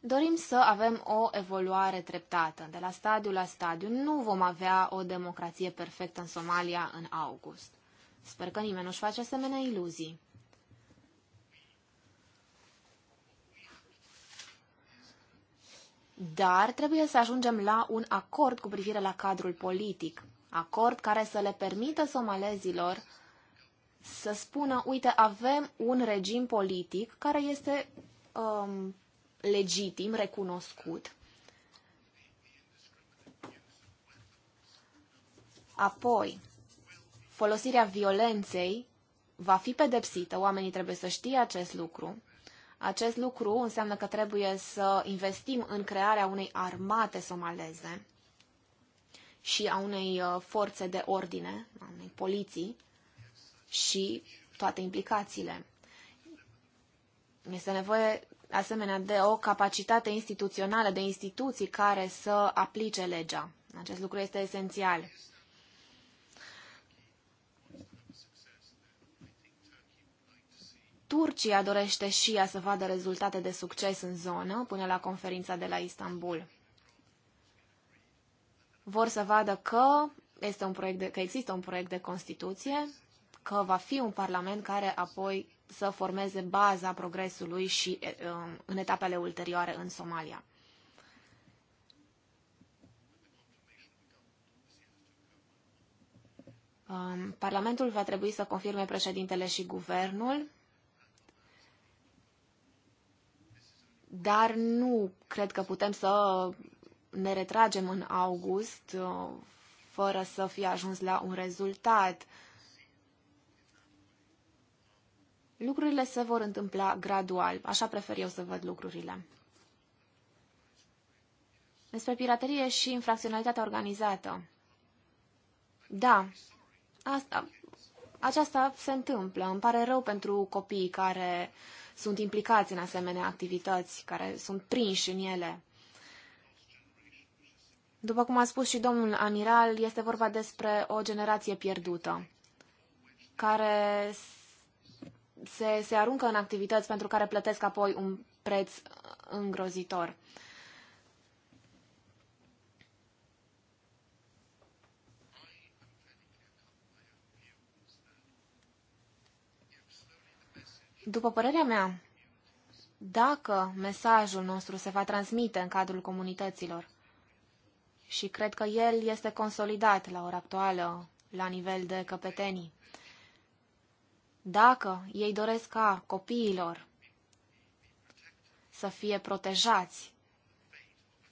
Dorim să avem o evoluare treptată, de la stadiu la stadiu. Nu vom avea o democrație perfectă în Somalia în august. Sper că nimeni nu-și face asemenea iluzii. Dar trebuie să ajungem la un acord cu privire la cadrul politic. Acord care să le permită somalezilor să spună, uite, avem un regim politic care este um, legitim, recunoscut. Apoi, folosirea violenței va fi pedepsită, oamenii trebuie să știe acest lucru. Acest lucru înseamnă că trebuie să investim în crearea unei armate somaleze și a unei uh, forțe de ordine, a unei poliții și toate implicațiile. Este nevoie asemenea de o capacitate instituțională, de instituții care să aplice legea. Acest lucru este esențial. Turcia dorește și ea să vadă rezultate de succes în zonă până la conferința de la Istanbul. Vor să vadă că, este un proiect de, că există un proiect de Constituție că va fi un Parlament care apoi să formeze baza progresului și um, în etapele ulterioare în Somalia. Um, Parlamentul va trebui să confirme președintele și guvernul, dar nu cred că putem să ne retragem în august uh, fără să fie ajuns la un rezultat. Lucrurile se vor întâmpla gradual, așa prefer eu să văd lucrurile. Despre piraterie și infracționalitatea organizată. Da, asta, aceasta se întâmplă. Îmi pare rău pentru copiii care sunt implicați în asemenea activități, care sunt prinși în ele. După cum a spus și domnul amiral, este vorba despre o generație pierdută, care se, se aruncă în activități pentru care plătesc apoi un preț îngrozitor. După părerea mea, dacă mesajul nostru se va transmite în cadrul comunităților, și cred că el este consolidat la ora actuală la nivel de căpetenii, dacă ei doresc ca copiilor să fie protejați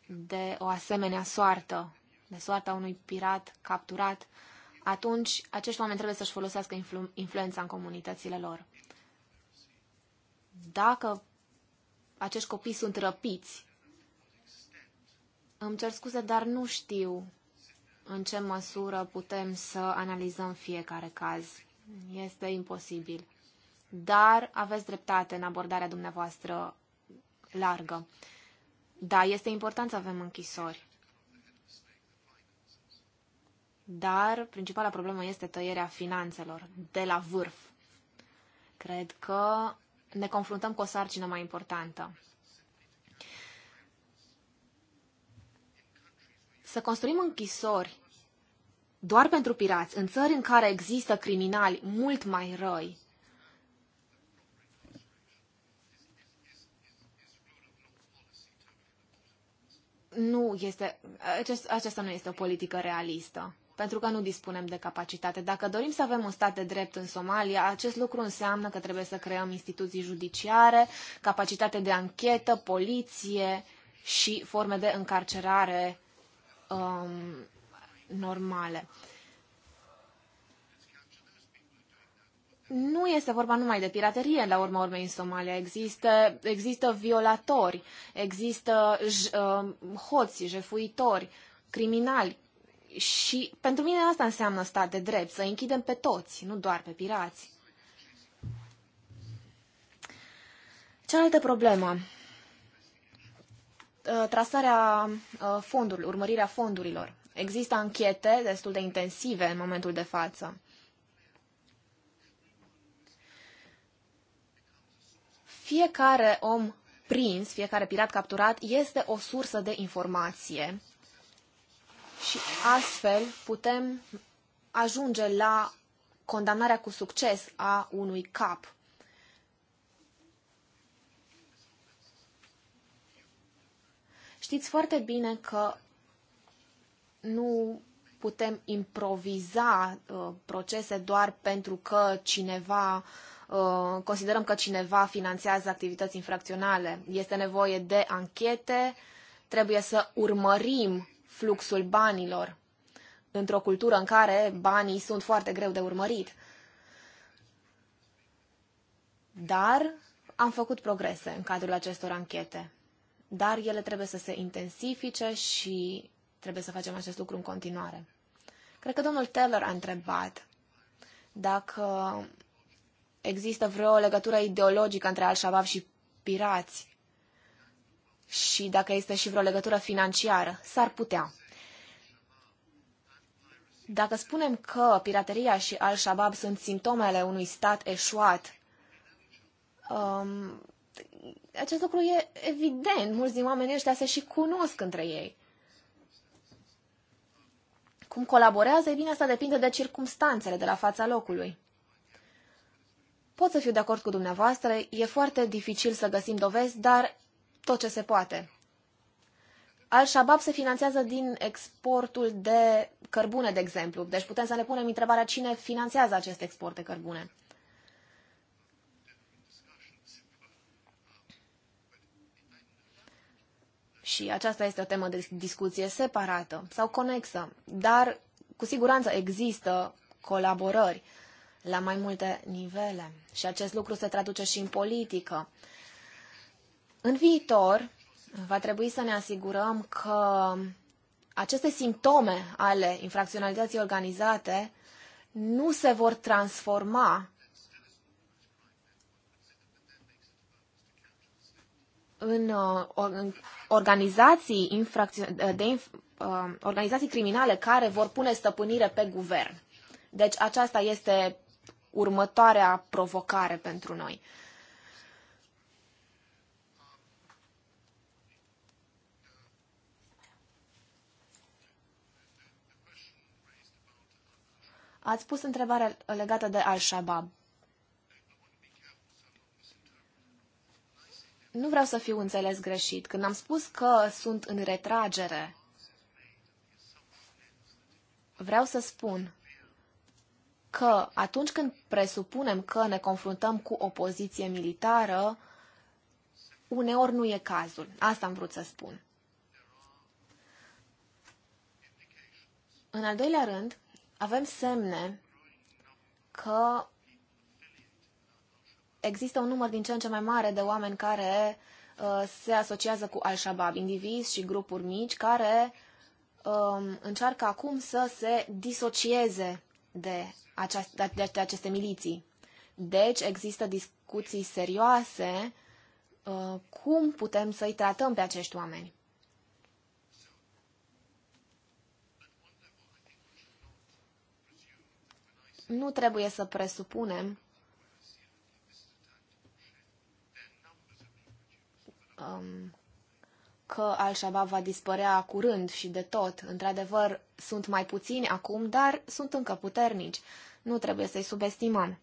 de o asemenea soartă, de soarta unui pirat capturat, atunci acești oameni trebuie să-și folosească influ- influența în comunitățile lor. Dacă acești copii sunt răpiți, îmi cer scuze, dar nu știu în ce măsură putem să analizăm fiecare caz. Este imposibil. Dar aveți dreptate în abordarea dumneavoastră largă. Da, este important să avem închisori. Dar principala problemă este tăierea finanțelor de la vârf. Cred că ne confruntăm cu o sarcină mai importantă. Să construim închisori doar pentru pirați, în țări în care există criminali mult mai răi, nu este, acest, aceasta nu este o politică realistă, pentru că nu dispunem de capacitate. Dacă dorim să avem un stat de drept în Somalia, acest lucru înseamnă că trebuie să creăm instituții judiciare, capacitate de anchetă, poliție și forme de încarcerare um, normale. Nu este vorba numai de piraterie, la urma urmei, în Somalia. Există, există violatori, există j, uh, hoți, jefuitori, criminali. Și pentru mine asta înseamnă stat de drept, să închidem pe toți, nu doar pe pirați. Cealaltă problemă. Uh, trasarea uh, fondurilor, urmărirea fondurilor. Există anchete destul de intensive în momentul de față. Fiecare om prins, fiecare pirat capturat, este o sursă de informație și astfel putem ajunge la condamnarea cu succes a unui cap. Știți foarte bine că nu putem improviza uh, procese doar pentru că cineva uh, considerăm că cineva finanțează activități infracționale. Este nevoie de anchete, trebuie să urmărim fluxul banilor într-o cultură în care banii sunt foarte greu de urmărit. Dar am făcut progrese în cadrul acestor anchete. Dar ele trebuie să se intensifice și trebuie să facem acest lucru în continuare. Cred că domnul Taylor a întrebat dacă există vreo legătură ideologică între Al-Shabaab și pirați și dacă este și vreo legătură financiară. S-ar putea. Dacă spunem că pirateria și Al-Shabaab sunt simptomele unui stat eșuat, um, acest lucru e evident. Mulți din oamenii ăștia se și cunosc între ei. Cum colaborează? e bine, asta depinde de circumstanțele de la fața locului. Pot să fiu de acord cu dumneavoastră, e foarte dificil să găsim dovezi, dar tot ce se poate. Al-Shabaab se finanțează din exportul de cărbune, de exemplu. Deci putem să ne punem întrebarea cine finanțează acest export de cărbune. și aceasta este o temă de discuție separată sau conexă, dar cu siguranță există colaborări la mai multe nivele și acest lucru se traduce și în politică. În viitor, va trebui să ne asigurăm că aceste simptome ale infracționalității organizate nu se vor transforma Uh, în, organizații, uh, de, de, uh, organizații criminale care vor pune stăpânire pe guvern. Deci aceasta este următoarea provocare pentru noi. Ați pus întrebarea legată de Al-Shabaab. nu vreau să fiu înțeles greșit. Când am spus că sunt în retragere, vreau să spun că atunci când presupunem că ne confruntăm cu o poziție militară, uneori nu e cazul. Asta am vrut să spun. În al doilea rând, avem semne că există un număr din ce în ce mai mare de oameni care uh, se asociază cu Al-Shabaab, indivizi și grupuri mici care uh, încearcă acum să se disocieze de, aceast- de, de aceste miliții. Deci există discuții serioase uh, cum putem să-i tratăm pe acești oameni. Nu trebuie să presupunem um, că Al-Shabaab va dispărea curând și de tot. Într-adevăr, sunt mai puțini acum, dar sunt încă puternici. Nu trebuie să-i subestimăm.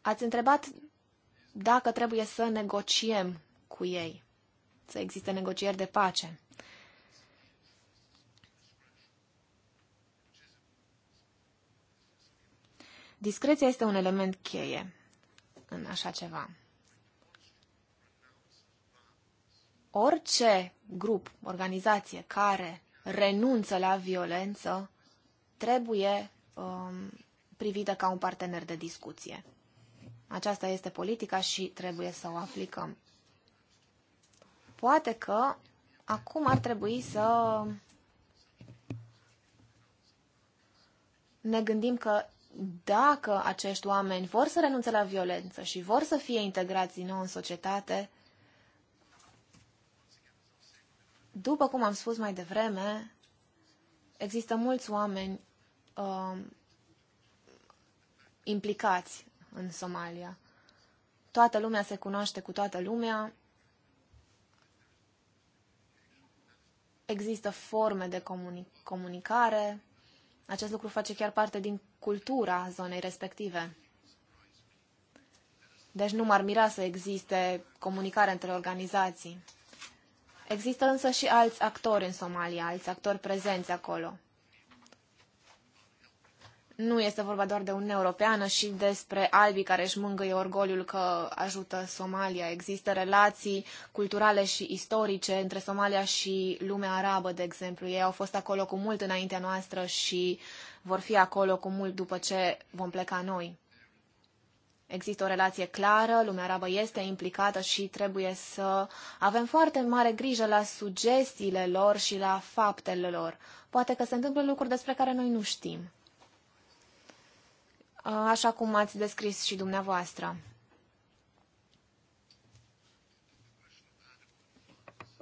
Ați întrebat dacă trebuie să negociem cu ei, să existe negocieri de pace. Discreția este un element cheie în așa ceva. Orice grup, organizație care renunță la violență trebuie um, privită ca un partener de discuție. Aceasta este politica și trebuie să o aplicăm. Poate că acum ar trebui să ne gândim că dacă acești oameni vor să renunțe la violență și vor să fie integrați din nou în societate, după cum am spus mai devreme, există mulți oameni uh, implicați în Somalia. Toată lumea se cunoaște cu toată lumea. Există forme de comunicare. Acest lucru face chiar parte din cultura zonei respective. Deci nu m-ar mira să existe comunicare între organizații. Există însă și alți actori în Somalia, alți actori prezenți acolo. Nu este vorba doar de Uniunea Europeană și despre albii care își mângâie orgoliul că ajută Somalia. Există relații culturale și istorice între Somalia și lumea arabă, de exemplu. Ei au fost acolo cu mult înaintea noastră și vor fi acolo cu mult după ce vom pleca noi. Există o relație clară, lumea arabă este implicată și trebuie să avem foarte mare grijă la sugestiile lor și la faptele lor. Poate că se întâmplă lucruri despre care noi nu știm. Uh, așa cum ați descris și dumneavoastră.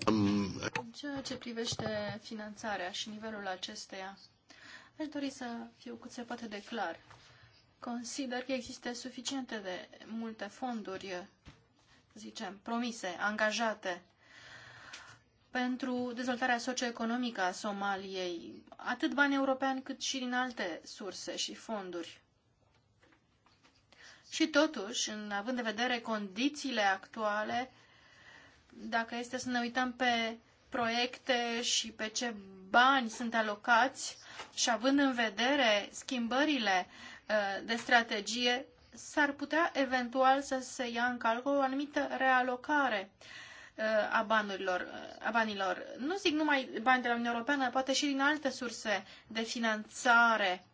Um, În ceea ce privește finanțarea și nivelul acesteia, aș dori să fiu cât se poate de clar. Consider că există suficiente de multe fonduri, zicem, promise, angajate pentru dezvoltarea socioeconomică a Somaliei, atât bani europeni cât și din alte surse și fonduri. Și totuși, în, având în vedere condițiile actuale, dacă este să ne uităm pe proiecte și pe ce bani sunt alocați și având în vedere schimbările uh, de strategie, s-ar putea eventual să se ia în calcul o anumită realocare uh, a banilor, uh, a banilor. Nu zic numai bani de la Uniunea Europeană, poate și din alte surse de finanțare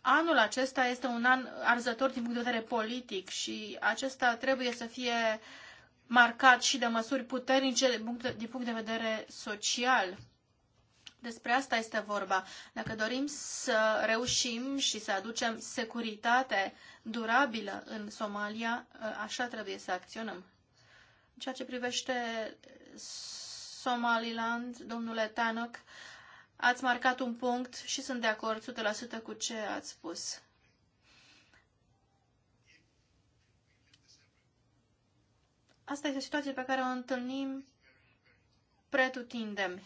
Anul acesta este un an arzător din punct de vedere politic și acesta trebuie să fie marcat și de măsuri puternice din punct de vedere social. Despre asta este vorba. Dacă dorim să reușim și să aducem securitate durabilă în Somalia, așa trebuie să acționăm. În ceea ce privește Somaliland, domnule Tanok, Ați marcat un punct și sunt de acord 100% cu ce ați spus. Asta este o situație pe care o întâlnim pretutindem.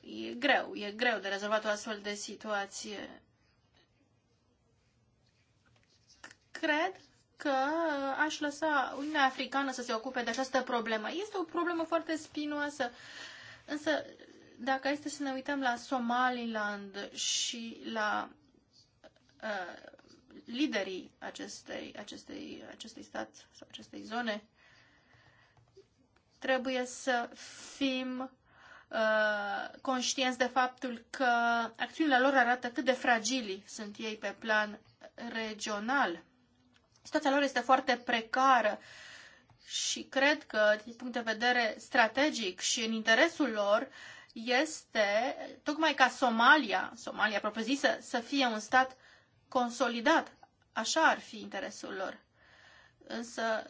E greu, e greu de rezolvat o astfel de situație. Cred că aș lăsa Uniunea Africană să se ocupe de această problemă. Este o problemă foarte spinoasă, însă dacă este să ne uităm la Somaliland și la uh, liderii acestei, acestei, acestei stat sau acestei zone, trebuie să fim uh, conștienți de faptul că acțiunile lor arată cât de fragili sunt ei pe plan regional. Situația lor este foarte precară și cred că, din punct de vedere strategic și în interesul lor, uh, este tocmai ca Somalia, Somalia propriu-zisă, să fie un stat consolidat. Așa ar fi interesul lor. Însă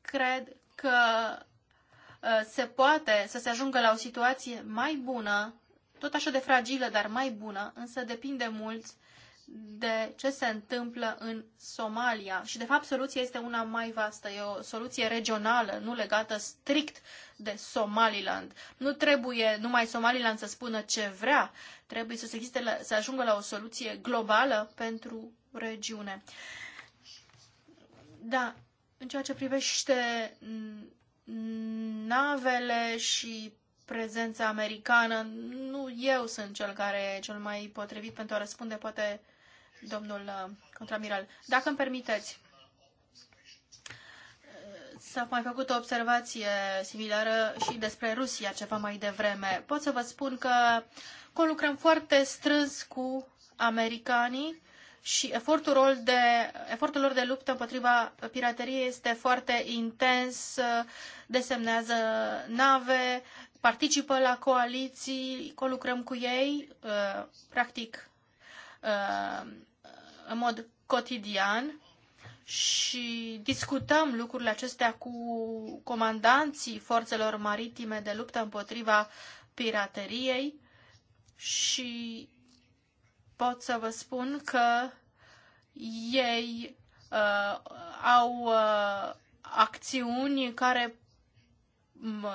cred că ă, se poate să se ajungă la o situație mai bună, tot așa de fragilă, dar mai bună, însă depinde mult de ce se întâmplă în Somalia. Și, de fapt, soluția este una mai vastă. E o soluție regională, nu legată strict de Somaliland. Nu trebuie numai Somaliland să spună ce vrea. Trebuie să, se existe, să ajungă la o soluție globală pentru regiune. Da, în ceea ce privește navele și prezența americană, nu eu sunt cel care e cel mai potrivit pentru a răspunde, poate domnul uh, contramiral. Dacă îmi permiteți, uh, S-a mai făcut o observație similară și despre Rusia ceva mai devreme. Pot să vă spun că conlucrăm foarte strâns cu americanii și efortul, rol de, efortul lor de luptă împotriva pirateriei este foarte intens, uh, desemnează nave, participă la coaliții, colucrăm cu ei, practic Uh, în mod cotidian și discutăm lucrurile acestea cu comandanții forțelor maritime de luptă împotriva pirateriei și pot să vă spun că ei uh, au uh, acțiuni care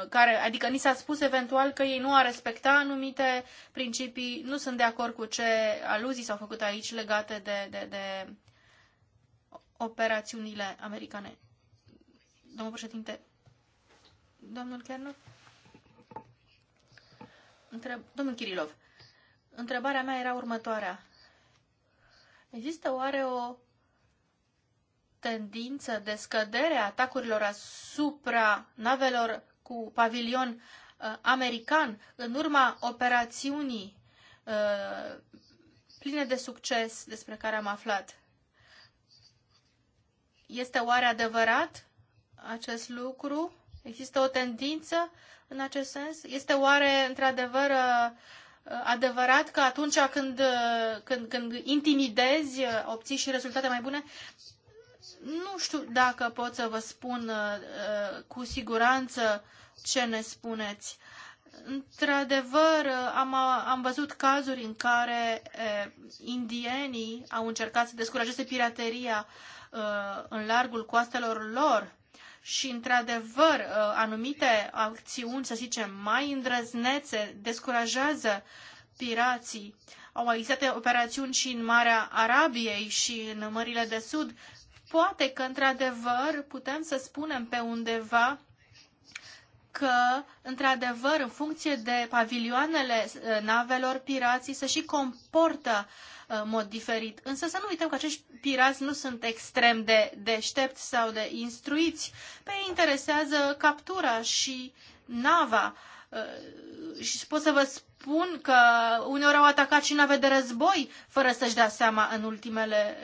care, adică ni s-a spus eventual că ei nu ar respecta anumite principii, nu sunt de acord cu ce aluzii s-au făcut aici legate de, de, de operațiunile americane. Domnul președinte, domnul Kernov? Întreb, domnul Kirilov, întrebarea mea era următoarea. Există oare o tendință de scădere a atacurilor asupra navelor cu pavilion uh, american în urma operațiunii uh, pline de succes despre care am aflat. Este oare adevărat acest lucru? Există o tendință în acest sens? Este oare într-adevăr uh, uh, adevărat că atunci când, uh, când, când intimidezi obții și rezultate mai bune? Nu știu dacă pot să vă spun uh, uh, cu siguranță ce ne spuneți. Într-adevăr, uh, am, am văzut cazuri în care eh, indienii au încercat să descurajeze pirateria eh, în largul coastelor lor și, într-adevăr, eh, anumite acțiuni, să zicem, mai îndrăznețe descurajează pirații. Au existat operațiuni și în Marea Arabiei și în Mările de Sud poate că, într-adevăr, putem să spunem pe undeva că, într-adevăr, în funcție de pavilioanele uh, navelor, pirații se și comportă uh, în mod diferit. Însă să nu uităm că acești pirați nu sunt extrem de deștepți sau de instruiți. Pe ei interesează captura și nava. Uh, și pot să vă spun că uneori au atacat și nave de război, fără să-și dea seama în ultimele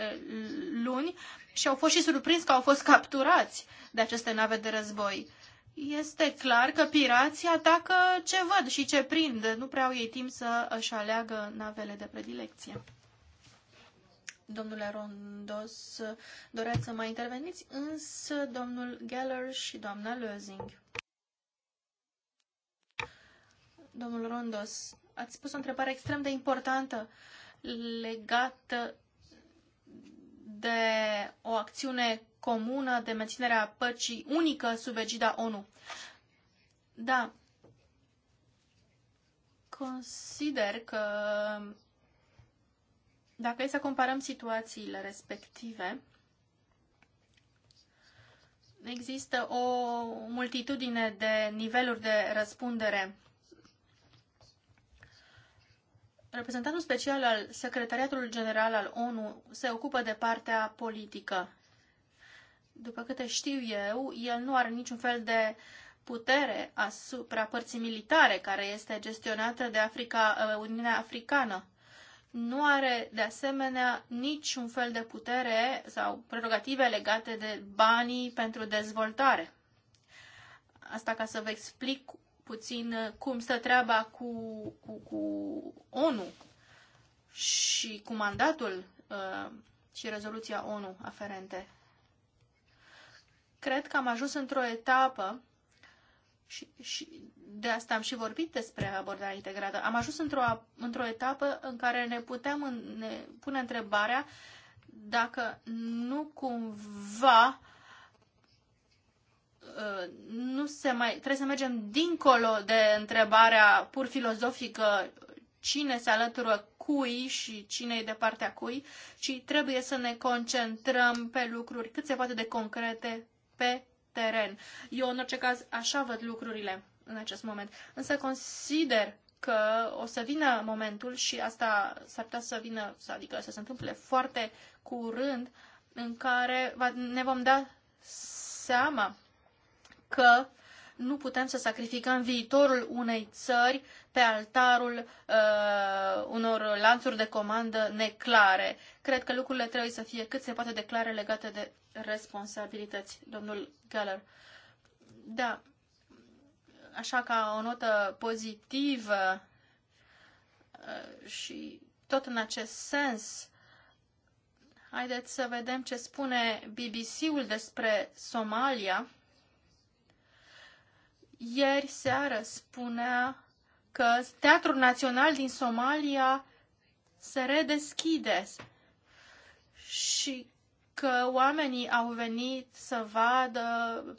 luni și au fost și surprins că au fost capturați de aceste nave de război. Este clar că pirații atacă ce văd și ce prind. Nu prea au ei timp să își aleagă navele de predilecție. Domnule Rondos, doreați să mai interveniți, însă domnul Geller și doamna Lozing. Domnul Rondos, ați spus o întrebare extrem de importantă legată de o acțiune comună de menținere a păcii unică sub egida ONU. Da, consider că dacă e să comparăm situațiile respective, există o multitudine de niveluri de răspundere Reprezentantul special al Secretariatului General al ONU se ocupă de partea politică. După câte știu eu, el nu are niciun fel de putere asupra părții militare care este gestionată de Africa, uh, Uniunea Africană. Nu are, de asemenea, niciun fel de putere sau prerogative legate de banii pentru dezvoltare. Asta ca să vă explic puțin uh, cum stă treaba cu, cu, cu ONU și cu mandatul uh, și rezoluția ONU aferente. Cred că am ajuns într-o etapă și, și de asta am și vorbit despre abordarea integrată. Am ajuns într-o, într-o etapă în care ne putem în, ne pune întrebarea dacă nu cumva Uh, nu se mai, trebuie să mergem dincolo de întrebarea pur filozofică cine se alătură cui și cine e de partea cui, ci trebuie să ne concentrăm pe lucruri cât se poate de concrete pe teren. Eu, în orice caz, așa văd lucrurile în acest moment. Însă consider că o să vină momentul și asta s-ar putea să vină, adică să se întâmple foarte curând, în care ne vom da seama că nu putem să sacrificăm viitorul unei țări pe altarul uh, unor lanțuri de comandă neclare. Cred că lucrurile trebuie să fie cât se poate de clare legate de responsabilități, domnul Geller. Da, așa ca o notă pozitivă uh, și tot în acest sens, haideți să vedem ce spune BBC-ul despre Somalia ieri seară spunea că Teatrul Național din Somalia se redeschide și că oamenii au venit să vadă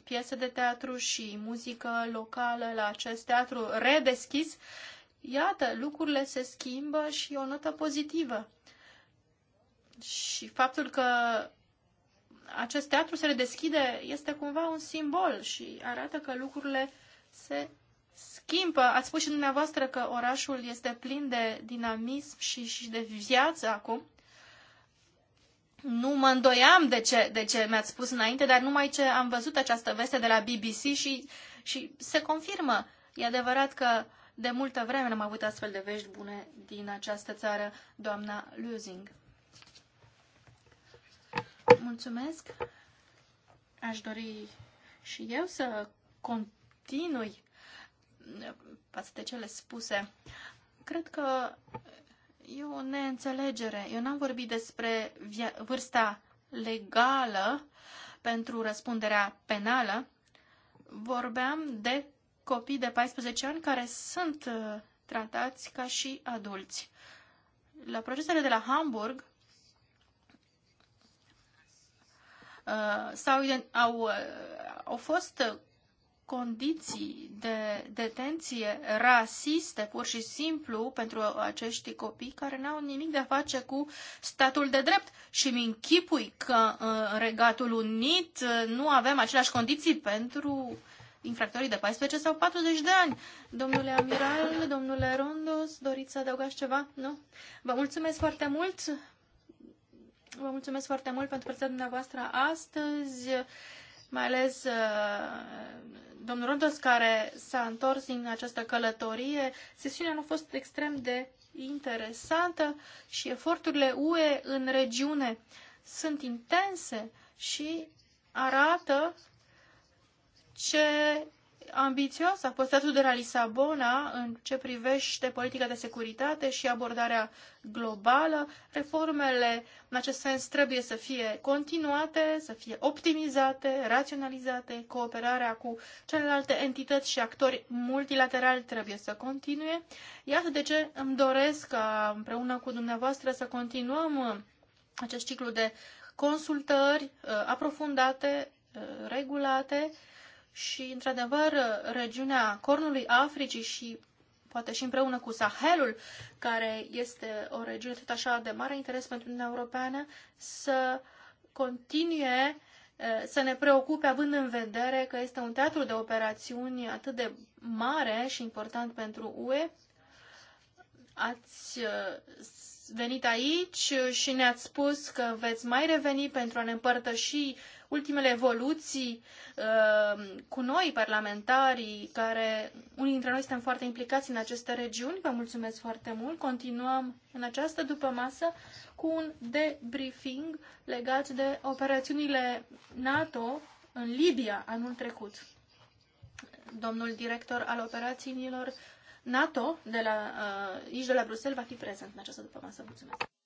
piese de teatru și muzică locală la acest teatru redeschis. Iată, lucrurile se schimbă și o notă pozitivă. Și faptul că acest teatru se redeschide este cumva un simbol și arată că lucrurile se schimbă. Ați spus și dumneavoastră că orașul este plin de dinamism și, și de viață acum. Nu mă îndoiam de ce, de ce mi-ați spus înainte, dar numai ce am văzut această veste de la BBC și, și se confirmă. E adevărat că de multă vreme n-am avut astfel de vești bune din această țară, doamna Lusing. Mulțumesc. Aș dori și eu să continu continui față de cele spuse. Cred că e o neînțelegere. Eu n-am vorbit despre vârsta legală pentru răspunderea penală. Vorbeam de copii de 14 ani care sunt uh, tratați ca și adulți. La procesele de la Hamburg uh, s-au, au, uh, au fost condiții de detenție rasiste, pur și simplu, pentru acești copii care n-au nimic de a face cu statul de drept. Și mi închipui că în uh, Regatul Unit uh, nu avem aceleași condiții pentru infractorii de 14 sau 40 de ani. Domnule Amiral, domnule Rondos, doriți să adăugați ceva? Nu? Vă mulțumesc foarte mult! Vă mulțumesc foarte mult pentru prezența dumneavoastră astăzi mai ales uh, domnul Rodos care s-a întors din această călătorie. Sesiunea nu a fost extrem de interesantă și eforturile UE în regiune sunt intense și arată ce ambițios a fost statul de la Lisabona în ce privește politica de securitate și abordarea globală. Reformele în acest sens trebuie să fie continuate, să fie optimizate, raționalizate, cooperarea cu celelalte entități și actori multilaterali trebuie să continue. Iată de ce îmi doresc ca împreună cu dumneavoastră să continuăm uh, acest ciclu de consultări uh, aprofundate, uh, regulate, și, într-adevăr, regiunea Cornului Africii și poate și împreună cu Sahelul, care este o regiune tot așa de mare interes pentru Uniunea Europeană, să continue să ne preocupe, având în vedere că este un teatru de operațiuni atât de mare și important pentru UE. Ați venit aici și ne-ați spus că veți mai reveni pentru a ne împărtăși ultimele evoluții uh, cu noi, parlamentarii, care unii dintre noi suntem foarte implicați în aceste regiuni. Vă mulțumesc foarte mult. Continuăm în această dupămasă masă cu un debriefing legat de operațiunile NATO în Libia anul trecut. Domnul director al operațiunilor NATO de la, uh, aici de la Bruxelles va fi prezent în această dupămasă. masă. Mulțumesc!